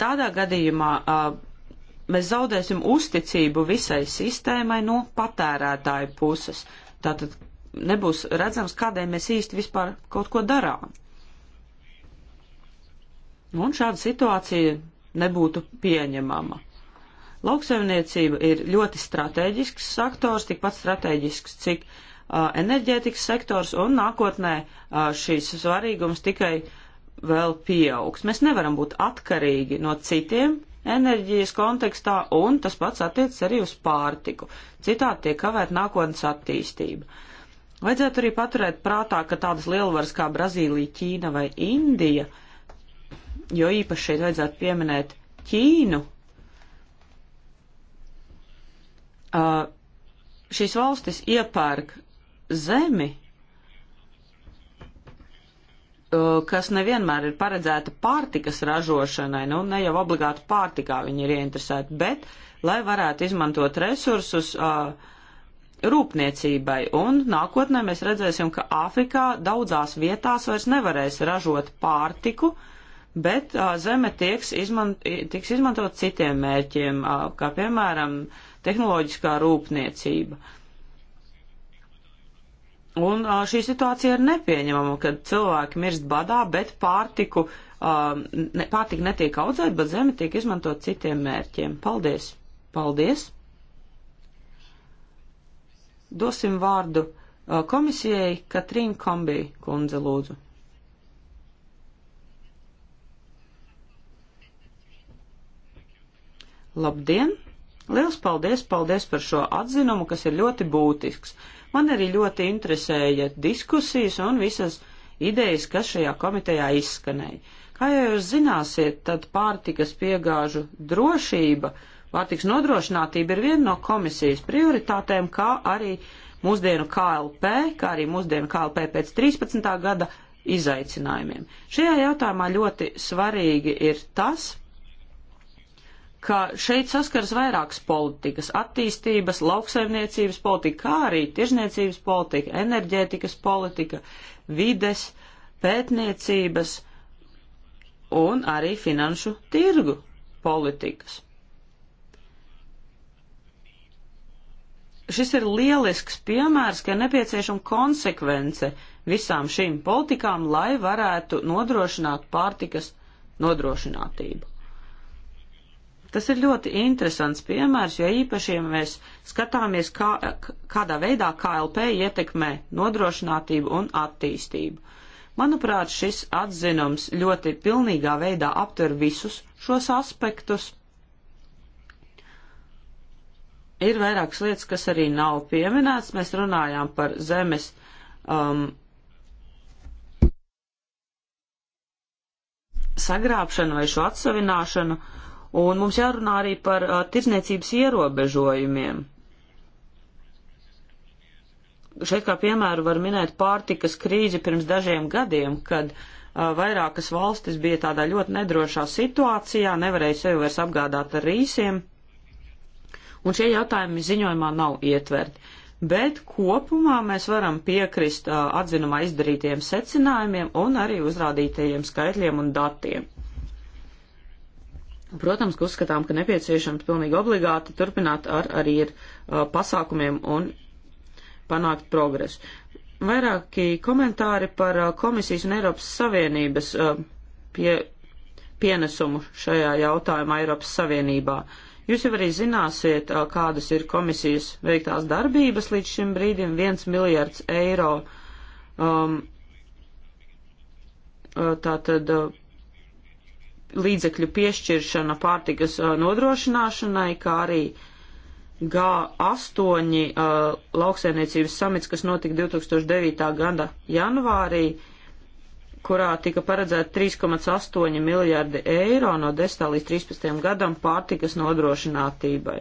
Tādā gadījumā uh, mēs zaudēsim uzticību visai sistēmai no patērētāju puses. Tātad nebūs redzams, kādēļ mēs īsti vispār kaut ko darām. Un šāda situācija nebūtu pieņemama. Lauksaimniecība ir ļoti strateģisks sektors, tikpat strateģisks, cik uh, enerģētikas sektors, un nākotnē uh, šīs svarīgums tikai vēl pieaugs. Mēs nevaram būt atkarīgi no citiem enerģijas kontekstā, un tas pats attiec arī uz pārtiku. Citādi tiek kavēt nākotnes attīstība. Vajadzētu arī paturēt prātā, ka tādas lielvaras kā Brazīlija, Ķīna vai Indija, jo īpaši šeit vajadzētu pieminēt Ķīnu, uh, šīs valstis iepērk zemi, uh, kas nevienmēr ir paredzēta pārtikas ražošanai, nu ne jau obligāti pārtikā viņi ir ieinteresēti, bet lai varētu izmantot resursus uh, rūpniecībai. Un nākotnē mēs redzēsim, ka Āfrikā daudzās vietās vairs nevarēs ražot pārtiku, bet uh, zeme tieks, izman tiks izmantot citiem mērķiem, uh, kā piemēram uh, tehnoloģiskā rūpniecība. Un a, šī situācija ir nepieņemama, kad cilvēki mirst badā, bet pārtiku, a, ne, pārtika netiek audzēta, bet zeme tiek izmantot citiem mērķiem. Paldies! Paldies! Dosim vārdu a, komisijai Katrīna Kombī, kundze lūdzu. Labdien! Liels paldies, paldies par šo atzinumu, kas ir ļoti būtisks. Man arī ļoti interesēja diskusijas un visas idejas, kas šajā komitejā izskanēja. Kā jau jūs zināsiet, tad pārtikas piegāžu drošība, pārtikas nodrošinātība ir viena no komisijas prioritātēm, kā arī mūsdienu KLP, kā arī mūsdienu KLP pēc 13. gada izaicinājumiem. Šajā jautājumā ļoti svarīgi ir tas, ka šeit saskaras vairākas politikas - attīstības, lauksaimniecības politika, kā arī tirzniecības politika, enerģētikas politika, vides, pētniecības un arī finanšu tirgu politikas. Šis ir lielisks piemērs, ka nepieciešama konsekvence visām šīm politikām, lai varētu nodrošināt pārtikas nodrošinātību. Tas ir ļoti interesants piemērs, jo īpaši, ja mēs skatāmies, kā, kādā veidā KLP ietekmē nodrošinātību un attīstību. Manuprāt, šis atzinums ļoti pilnīgā veidā aptver visus šos aspektus. Ir vairākas lietas, kas arī nav pieminēts. Mēs runājām par zemes um, sagrābšanu vai šo atsavināšanu. Uh, Un mums jārunā arī par uh, tirzniecības ierobežojumiem. Šeit kā piemēru var minēt pārtikas krīzi pirms dažiem gadiem, kad uh, vairākas valstis bija tādā ļoti nedrošā situācijā, nevarēja sevi vairs apgādāt ar rīsiem, un šie jautājumi ziņojumā nav ietverti. Bet kopumā mēs varam piekrist uh, atzinumā izdarītajiem secinājumiem un arī uzrādītajiem skaitļiem un datiem. Protams, ka uzskatām, ka nepieciešams pilnīgi obligāti turpināt ar, arī ar uh, pasākumiem un panākt progresu. Vairāki komentāri par uh, komisijas un Eiropas Savienības uh, pie, pienesumu šajā jautājumā Eiropas Savienībā. Jūs jau arī zināsiet, uh, kādas ir komisijas veiktās darbības līdz šim brīdim - viens miljards eiro. Um, uh, tātad, uh, līdzekļu piešķiršana pārtikas nodrošināšanai, kā arī G8 uh, lauksainiecības samits, kas notika 2009. gada janvārī, kurā tika paredzēta 3,8 miljardi eiro no 10. līdz 13. gadam pārtikas nodrošinātībai.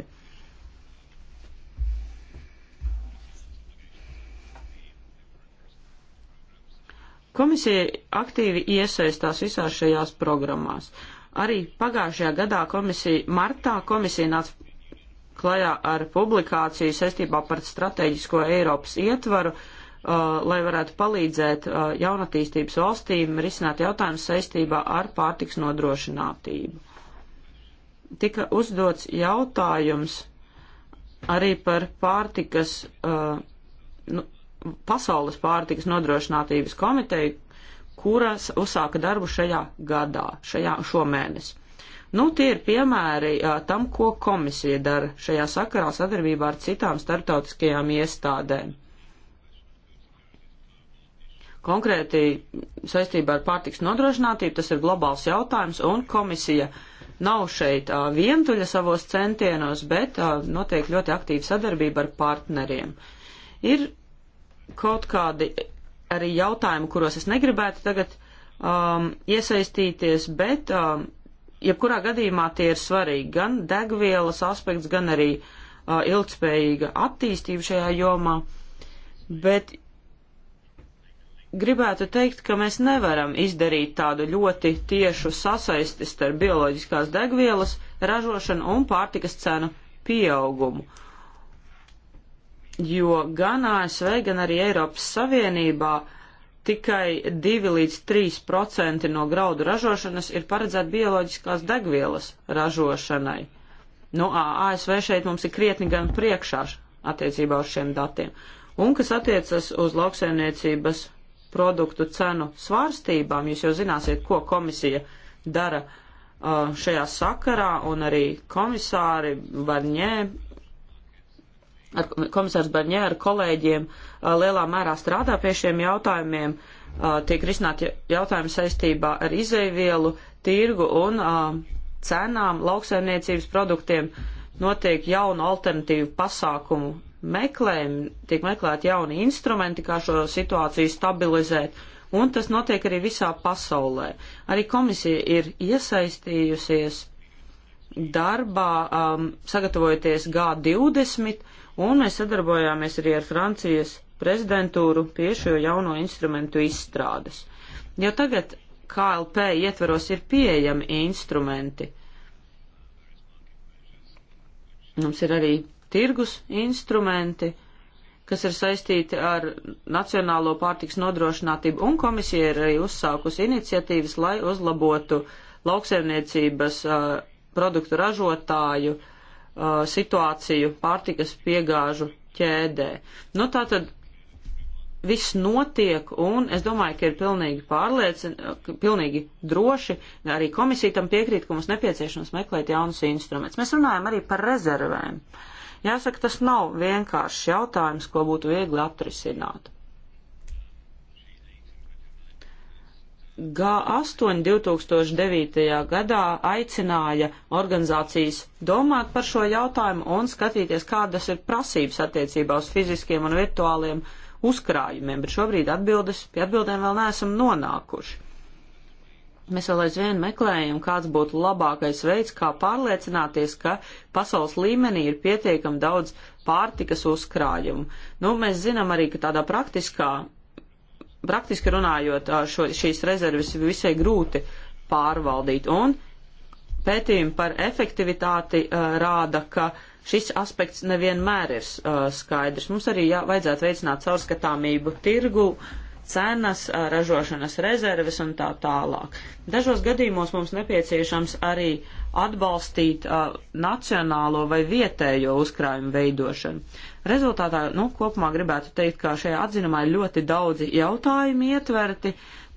Komisija aktīvi iesaistās visās šajās programmās. Arī pagājušajā gadā komisija, martā komisija nāca klajā ar publikāciju saistībā par strateģisko Eiropas ietvaru, uh, lai varētu palīdzēt uh, jaunatīstības valstīm risināt jautājumus saistībā ar pārtiks nodrošinātību. Tika uzdots jautājums arī par pārtikas uh, nu, Pasaules pārtikas nodrošinātības komiteju, kuras uzsāka darbu šajā gadā, šajā šomēnes. Nu, tie ir piemēri uh, tam, ko komisija dara šajā sakarā sadarbībā ar citām starptautiskajām iestādēm. Konkrēti saistībā ar pārtiks nodrošinātību tas ir globāls jautājums, un komisija nav šeit uh, vientuļa savos centienos, bet uh, notiek ļoti aktīva sadarbība ar partneriem. Ir kaut kādi arī jautājumi, kuros es negribētu tagad um, iesaistīties, bet um, jebkurā gadījumā tie ir svarīgi gan degvielas aspekts, gan arī uh, ilgspējīga attīstība šajā jomā. Bet gribētu teikt, ka mēs nevaram izdarīt tādu ļoti tiešu sasaisti starp bioloģiskās degvielas ražošanu un pārtikas cenu pieaugumu jo gan ASV, gan arī Eiropas Savienībā tikai 2 līdz 3 procenti no graudu ražošanas ir paredzēta bioloģiskās degvielas ražošanai. Nu, ASV šeit mums ir krietni gan priekšā attiecībā uz šiem datiem. Un kas attiecas uz lauksaimniecības produktu cenu svārstībām, jūs jau zināsiet, ko komisija dara uh, šajā sakarā, un arī komisāri Varņē ar komisārs Barņē, ar kolēģiem lielā mērā strādā pie šiem jautājumiem, tiek risināti jautājumi saistībā ar izēvielu, tirgu un cenām, lauksaimniecības produktiem, notiek jaunu alternatīvu pasākumu meklējumi, tiek meklēti jauni instrumenti, kā šo situāciju stabilizēt, un tas notiek arī visā pasaulē. Arī komisija ir iesaistījusies darbā, um, sagatavojoties G20, uh, un mēs sadarbojāmies arī ar Francijas prezidentūru pie šo jauno instrumentu izstrādes. Jo tagad KLP ietveros ir pieejami instrumenti. Mums ir arī tirgus instrumenti, kas ir saistīti ar nacionālo pārtiks nodrošinātību, un komisija ir arī uzsākusi iniciatīvas, lai uzlabotu lauksaimniecības uh, produktu ražotāju uh, uh, situāciju pārtikas piegāžu ķēdē. Nu, tā tad viss notiek, un es domāju, ka ir pilnīgi pārliecināti, uh, pilnīgi droši, arī komisija tam piekrīt, ka mums nepieciešams meklēt jaunus instrumentus. Mēs runājam arī par rezervēm. Jāsaka, tas nav vienkāršs jautājums, ko būtu viegli atrisināt. G8 2009. gadā aicināja organizācijas domāt par šo jautājumu un skatīties, kādas ir prasības attiecībā uz fiziskiem un virtuāliem uzkrājumiem, bet šobrīd atbildes, pie atbildēm vēl neesam nonākuši. Mēs vēl aizvien meklējam, kāds būtu labākais veids, kā pārliecināties, ka pasaules līmenī ir pietiekami daudz pārtikas uzkrājumu. Nu, mēs zinām arī, ka tādā praktiskā praktiski runājot, šo, šīs rezerves visai grūti pārvaldīt. Un pētījumi par efektivitāti uh, rāda, ka šis aspekts nevienmēr ir uh, skaidrs. Mums arī jā, vajadzētu veicināt caurskatāmību tirgu, cenas, uh, ražošanas rezerves un tā tālāk. Dažos gadījumos mums nepieciešams arī atbalstīt uh, nacionālo vai vietējo uzkrājumu veidošanu. Rezultātā, nu, kopumā gribētu teikt, ka šajā atzinumā ir ļoti daudzi jautājumi ietverti,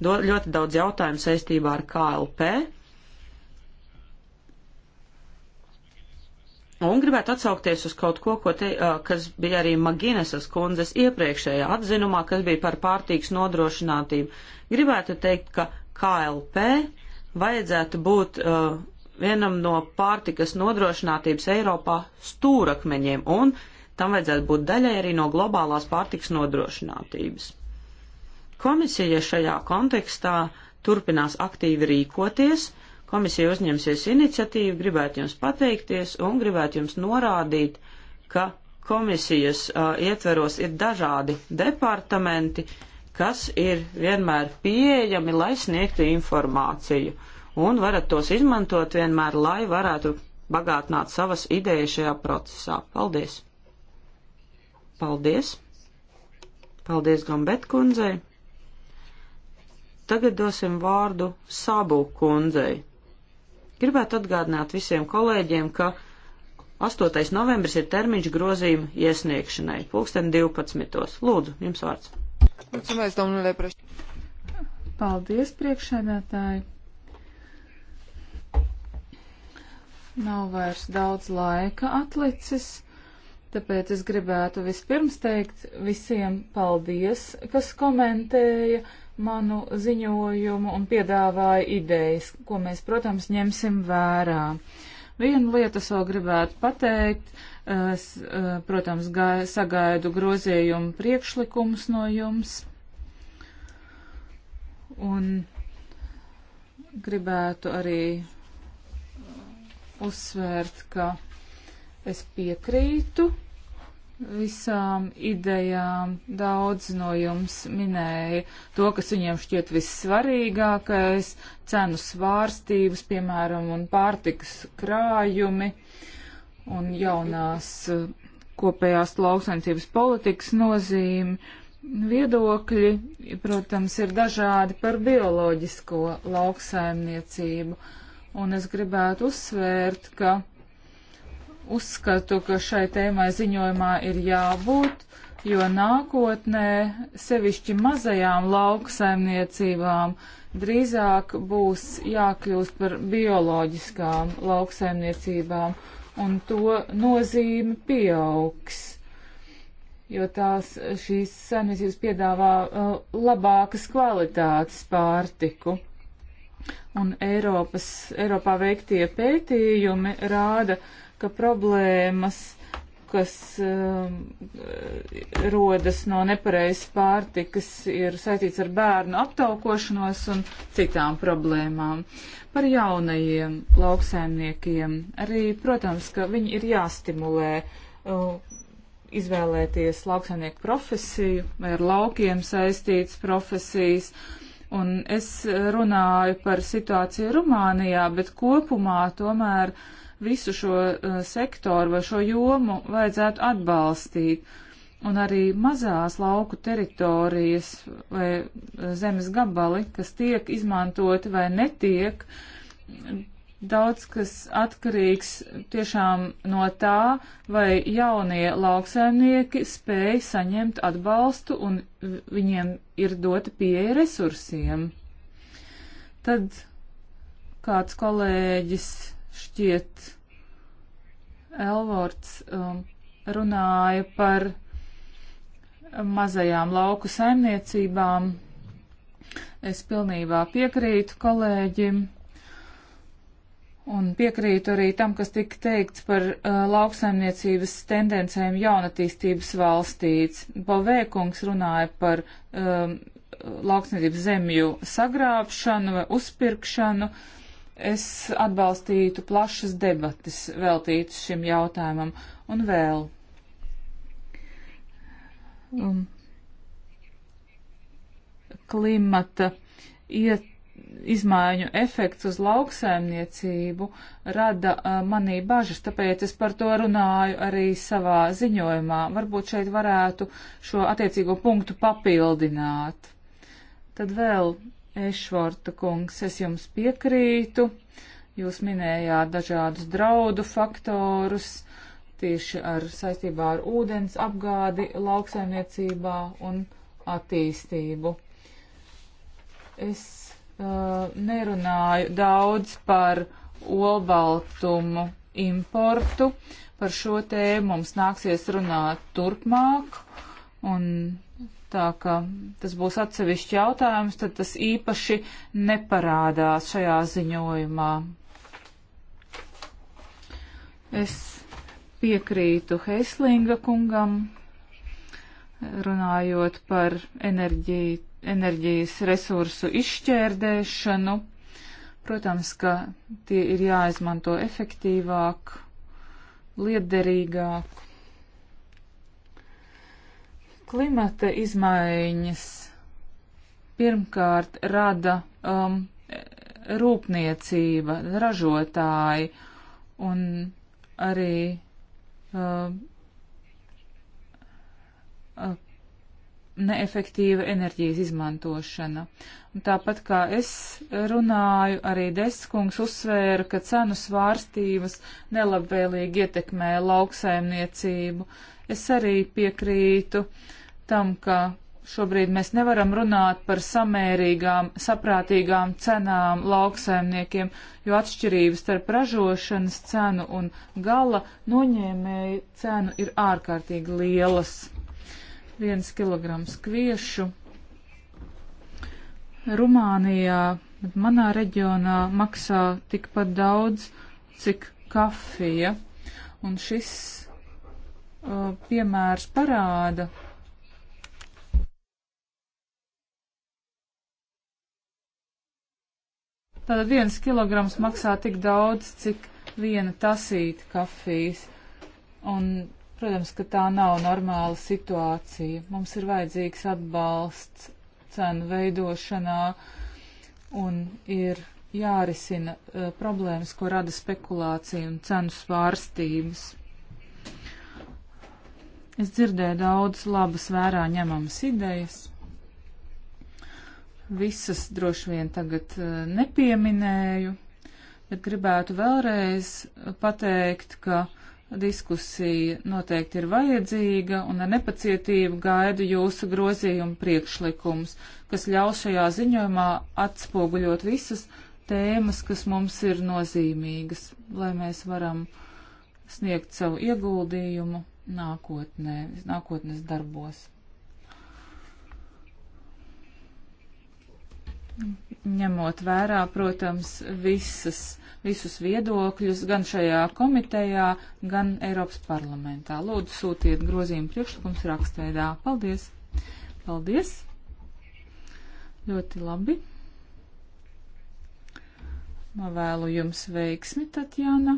do, ļoti daudz jautājumu saistībā ar KLP. Un gribētu atsaukties uz kaut ko, ko te, kas bija arī Maginesas kundzes iepriekšējā atzinumā, kas bija par pārtīks nodrošinātību. Gribētu teikt, ka KLP vajadzētu būt uh, vienam no pārtikas nodrošinātības Eiropā stūrakmeņiem, un Tam vajadzētu būt daļai arī no globālās pārtiks nodrošinātības. Komisija šajā kontekstā turpinās aktīvi rīkoties, komisija uzņemsies iniciatīvu, gribētu jums pateikties un gribētu jums norādīt, ka komisijas uh, ietveros ir dažādi departamenti, kas ir vienmēr pieejami, lai sniegtu informāciju. Un varat tos izmantot vienmēr, lai varētu bagātināt savas idejas šajā procesā. Paldies! Paldies! Paldies Gambet kundzei! Tagad dosim vārdu Sabu kundzei. Gribētu atgādināt visiem kolēģiem, ka 8. novembris ir termiņš grozījuma iesniegšanai, pulksten 12. Lūdzu, jums vārds. Mulțumesc, domnule președinte. Paldies, priekšsēdētāji. Nav vairs daudz laika atlicis Tāpēc es gribētu vispirms teikt visiem paldies, kas komentēja manu ziņojumu un piedāvāja idejas, ko mēs, protams, ņemsim vērā. Vienu lietu es vēl gribētu pateikt. Es, eh, protams, gai, sagaidu grozījumu priekšlikumus no jums. Un gribētu arī uzsvērt, ka es piekrītu visām idejām. Daudz no jums minēja to, kas viņiem šķiet vissvarīgākais - cenu svārstības, piemēram, un pārtikas krājumi un jaunās eh, kopējās lauksaimniecības politikas nozīmi. Viedokļi, protams, ir dažādi par bioloģisko lauksaimniecību, un es gribētu uzsvērt, ka uzskatu, ka šai tēmai ziņojumā ir jābūt, jo nākotnē sevišķi mazajām lauksaimniecībām drīzāk būs jākļūst par bioloģiskām lauksaimniecībām, un to nozīme pieaugs, jo tās šīs saimniecības piedāvā uh, labākas kvalitātes pārtiku. Un Eiropas, Eiropā veiktie pētījumi rāda, uh, ka problēmas, kas um, rodas no nepareizas pārtikas, ir saistīts ar bērnu aptaukošanos un citām problēmām. Par jaunajiem lauksaimniekiem arī, protams, ka viņi ir jāstimulē uh, izvēlēties lauksaimnieku profesiju vai ar laukiem saistīts profesijas. Un es runāju par situāciju Rumānijā, bet kopumā tomēr uh, visu šo uh, sektoru vai šo jomu vajadzētu atbalstīt. Un arī mazās lauku teritorijas vai eh, zemes gabali, kas tiek izmantoti vai netiek, daudz kas atkarīgs tiešām no tā, vai jaunie lauksaimnieki spēj saņemt atbalstu un viņiem ir dota pieeja resursiem. Tad kāds kolēģis šķiet Elvorts um, runāja par mazajām lauku saimniecībām. Es pilnībā piekrītu kolēģim un piekrītu arī tam, kas tika teikts par uh, lauksaimniecības tendencēm jaunatīstības valstīts. Bovēkungs runāja par um, lauksaimniecības zemju sagrābšanu vai uzpirkšanu. Uh, es atbalstītu plašas debatas veltītas šim jautājumam. Un vēl. Um, klimata iet, izmaiņu efekts uz lauksaimniecību rada uh, manī bažas, tāpēc es par to runāju arī savā ziņojumā. Varbūt šeit varētu šo attiecīgo punktu papildināt. Tad vēl Ešvorta kungs, es jums piekrītu. Jūs minējāt dažādus draudu faktorus tieši ar saistībā ar ūdens apgādi lauksaimniecībā un attīstību. Es uh, nerunāju daudz par olbaltumu importu. Par šo tēmu mums nāksies runāt turpmāk. Un Tā ka tas būs atsevišķi jautājums, tad tas īpaši neparādās šajā ziņojumā. Es piekrītu Heislinga kungam, runājot par enerģiju, enerģijas resursu izšķērdēšanu. Protams, ka tie ir jāizmanto efektīvāk, liederīgāk. Klimata izmaiņas pirmkārt rada um, rūpniecība, ražotāji un arī um, uh, neefektīva enerģijas izmantošana. Un tāpat kā es runāju, arī Deskungs uzsvēra, ka cenu svārstības nelabvēlīgi ietekmē lauksaimniecību. Es arī piekrītu uh, uzskatām, ka šobrīd mēs nevaram runāt par samērīgām, saprātīgām cenām lauksaimniekiem, jo atšķirības starp ražošanas cenu un gala noņēmēju cenu ir ārkārtīgi lielas. Viens kilograms kviešu. Rumānijā, manā reģionā, maksā tikpat daudz, cik kafija. Un šis uh, piemērs parāda, Tātad viens kilograms maksā tik daudz, cik viena tasīta kafijas. Un, protams, ka tā nav normāla situācija. Mums ir vajadzīgs atbalsts cenu veidošanā un ir jārisina uh, problēmas, ko rada spekulācija un cenu svārstības. Es dzirdēju daudz labas vērā ņemamas idejas. Visus droši vien tagad eh, nepieminēju, bet gribētu vēlreiz pateikt, ka diskusija noteikti ir vajadzīga un ar nepacietību gaidu jūsu grozījumu priekšlikums, kas ļaus šajā ziņojumā atspoguļot visas tēmas, kas mums ir nozīmīgas, lai mēs varam sniegt savu ieguldījumu nākotnē, nākotnes darbos. ņemot vērā, protams, visas, visus viedokļus gan šajā komitejā, gan Eiropas parlamentā. Lūdzu, sūtiet grozījumu priekšlikums rakstveidā. Paldies! Paldies! Ļoti labi! Novēlu jums veiksmi, Tatjana!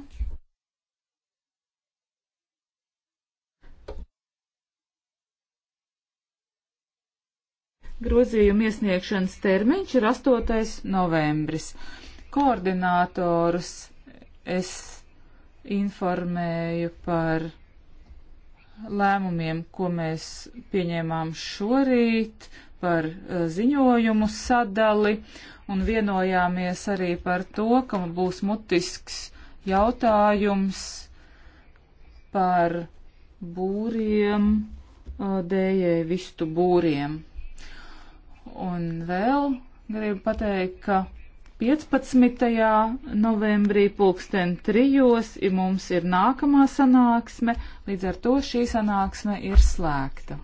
Grozījuma iesniegšanas termiņš ir 8. novembris. Koordinātorus es informēju par lēmumiem, ko mēs pieņēmām šorīt, par eh, ziņojumu sadali un vienojāmies arī par to, ka būs mutisks jautājums par būriem, eh, dējēju vistu būriem. Un vēl gribu pateikt, ka 15. novembrī pulksten trijos ir mums ir nākamā sanāksme, līdz ar to šī sanāksme ir slēgta.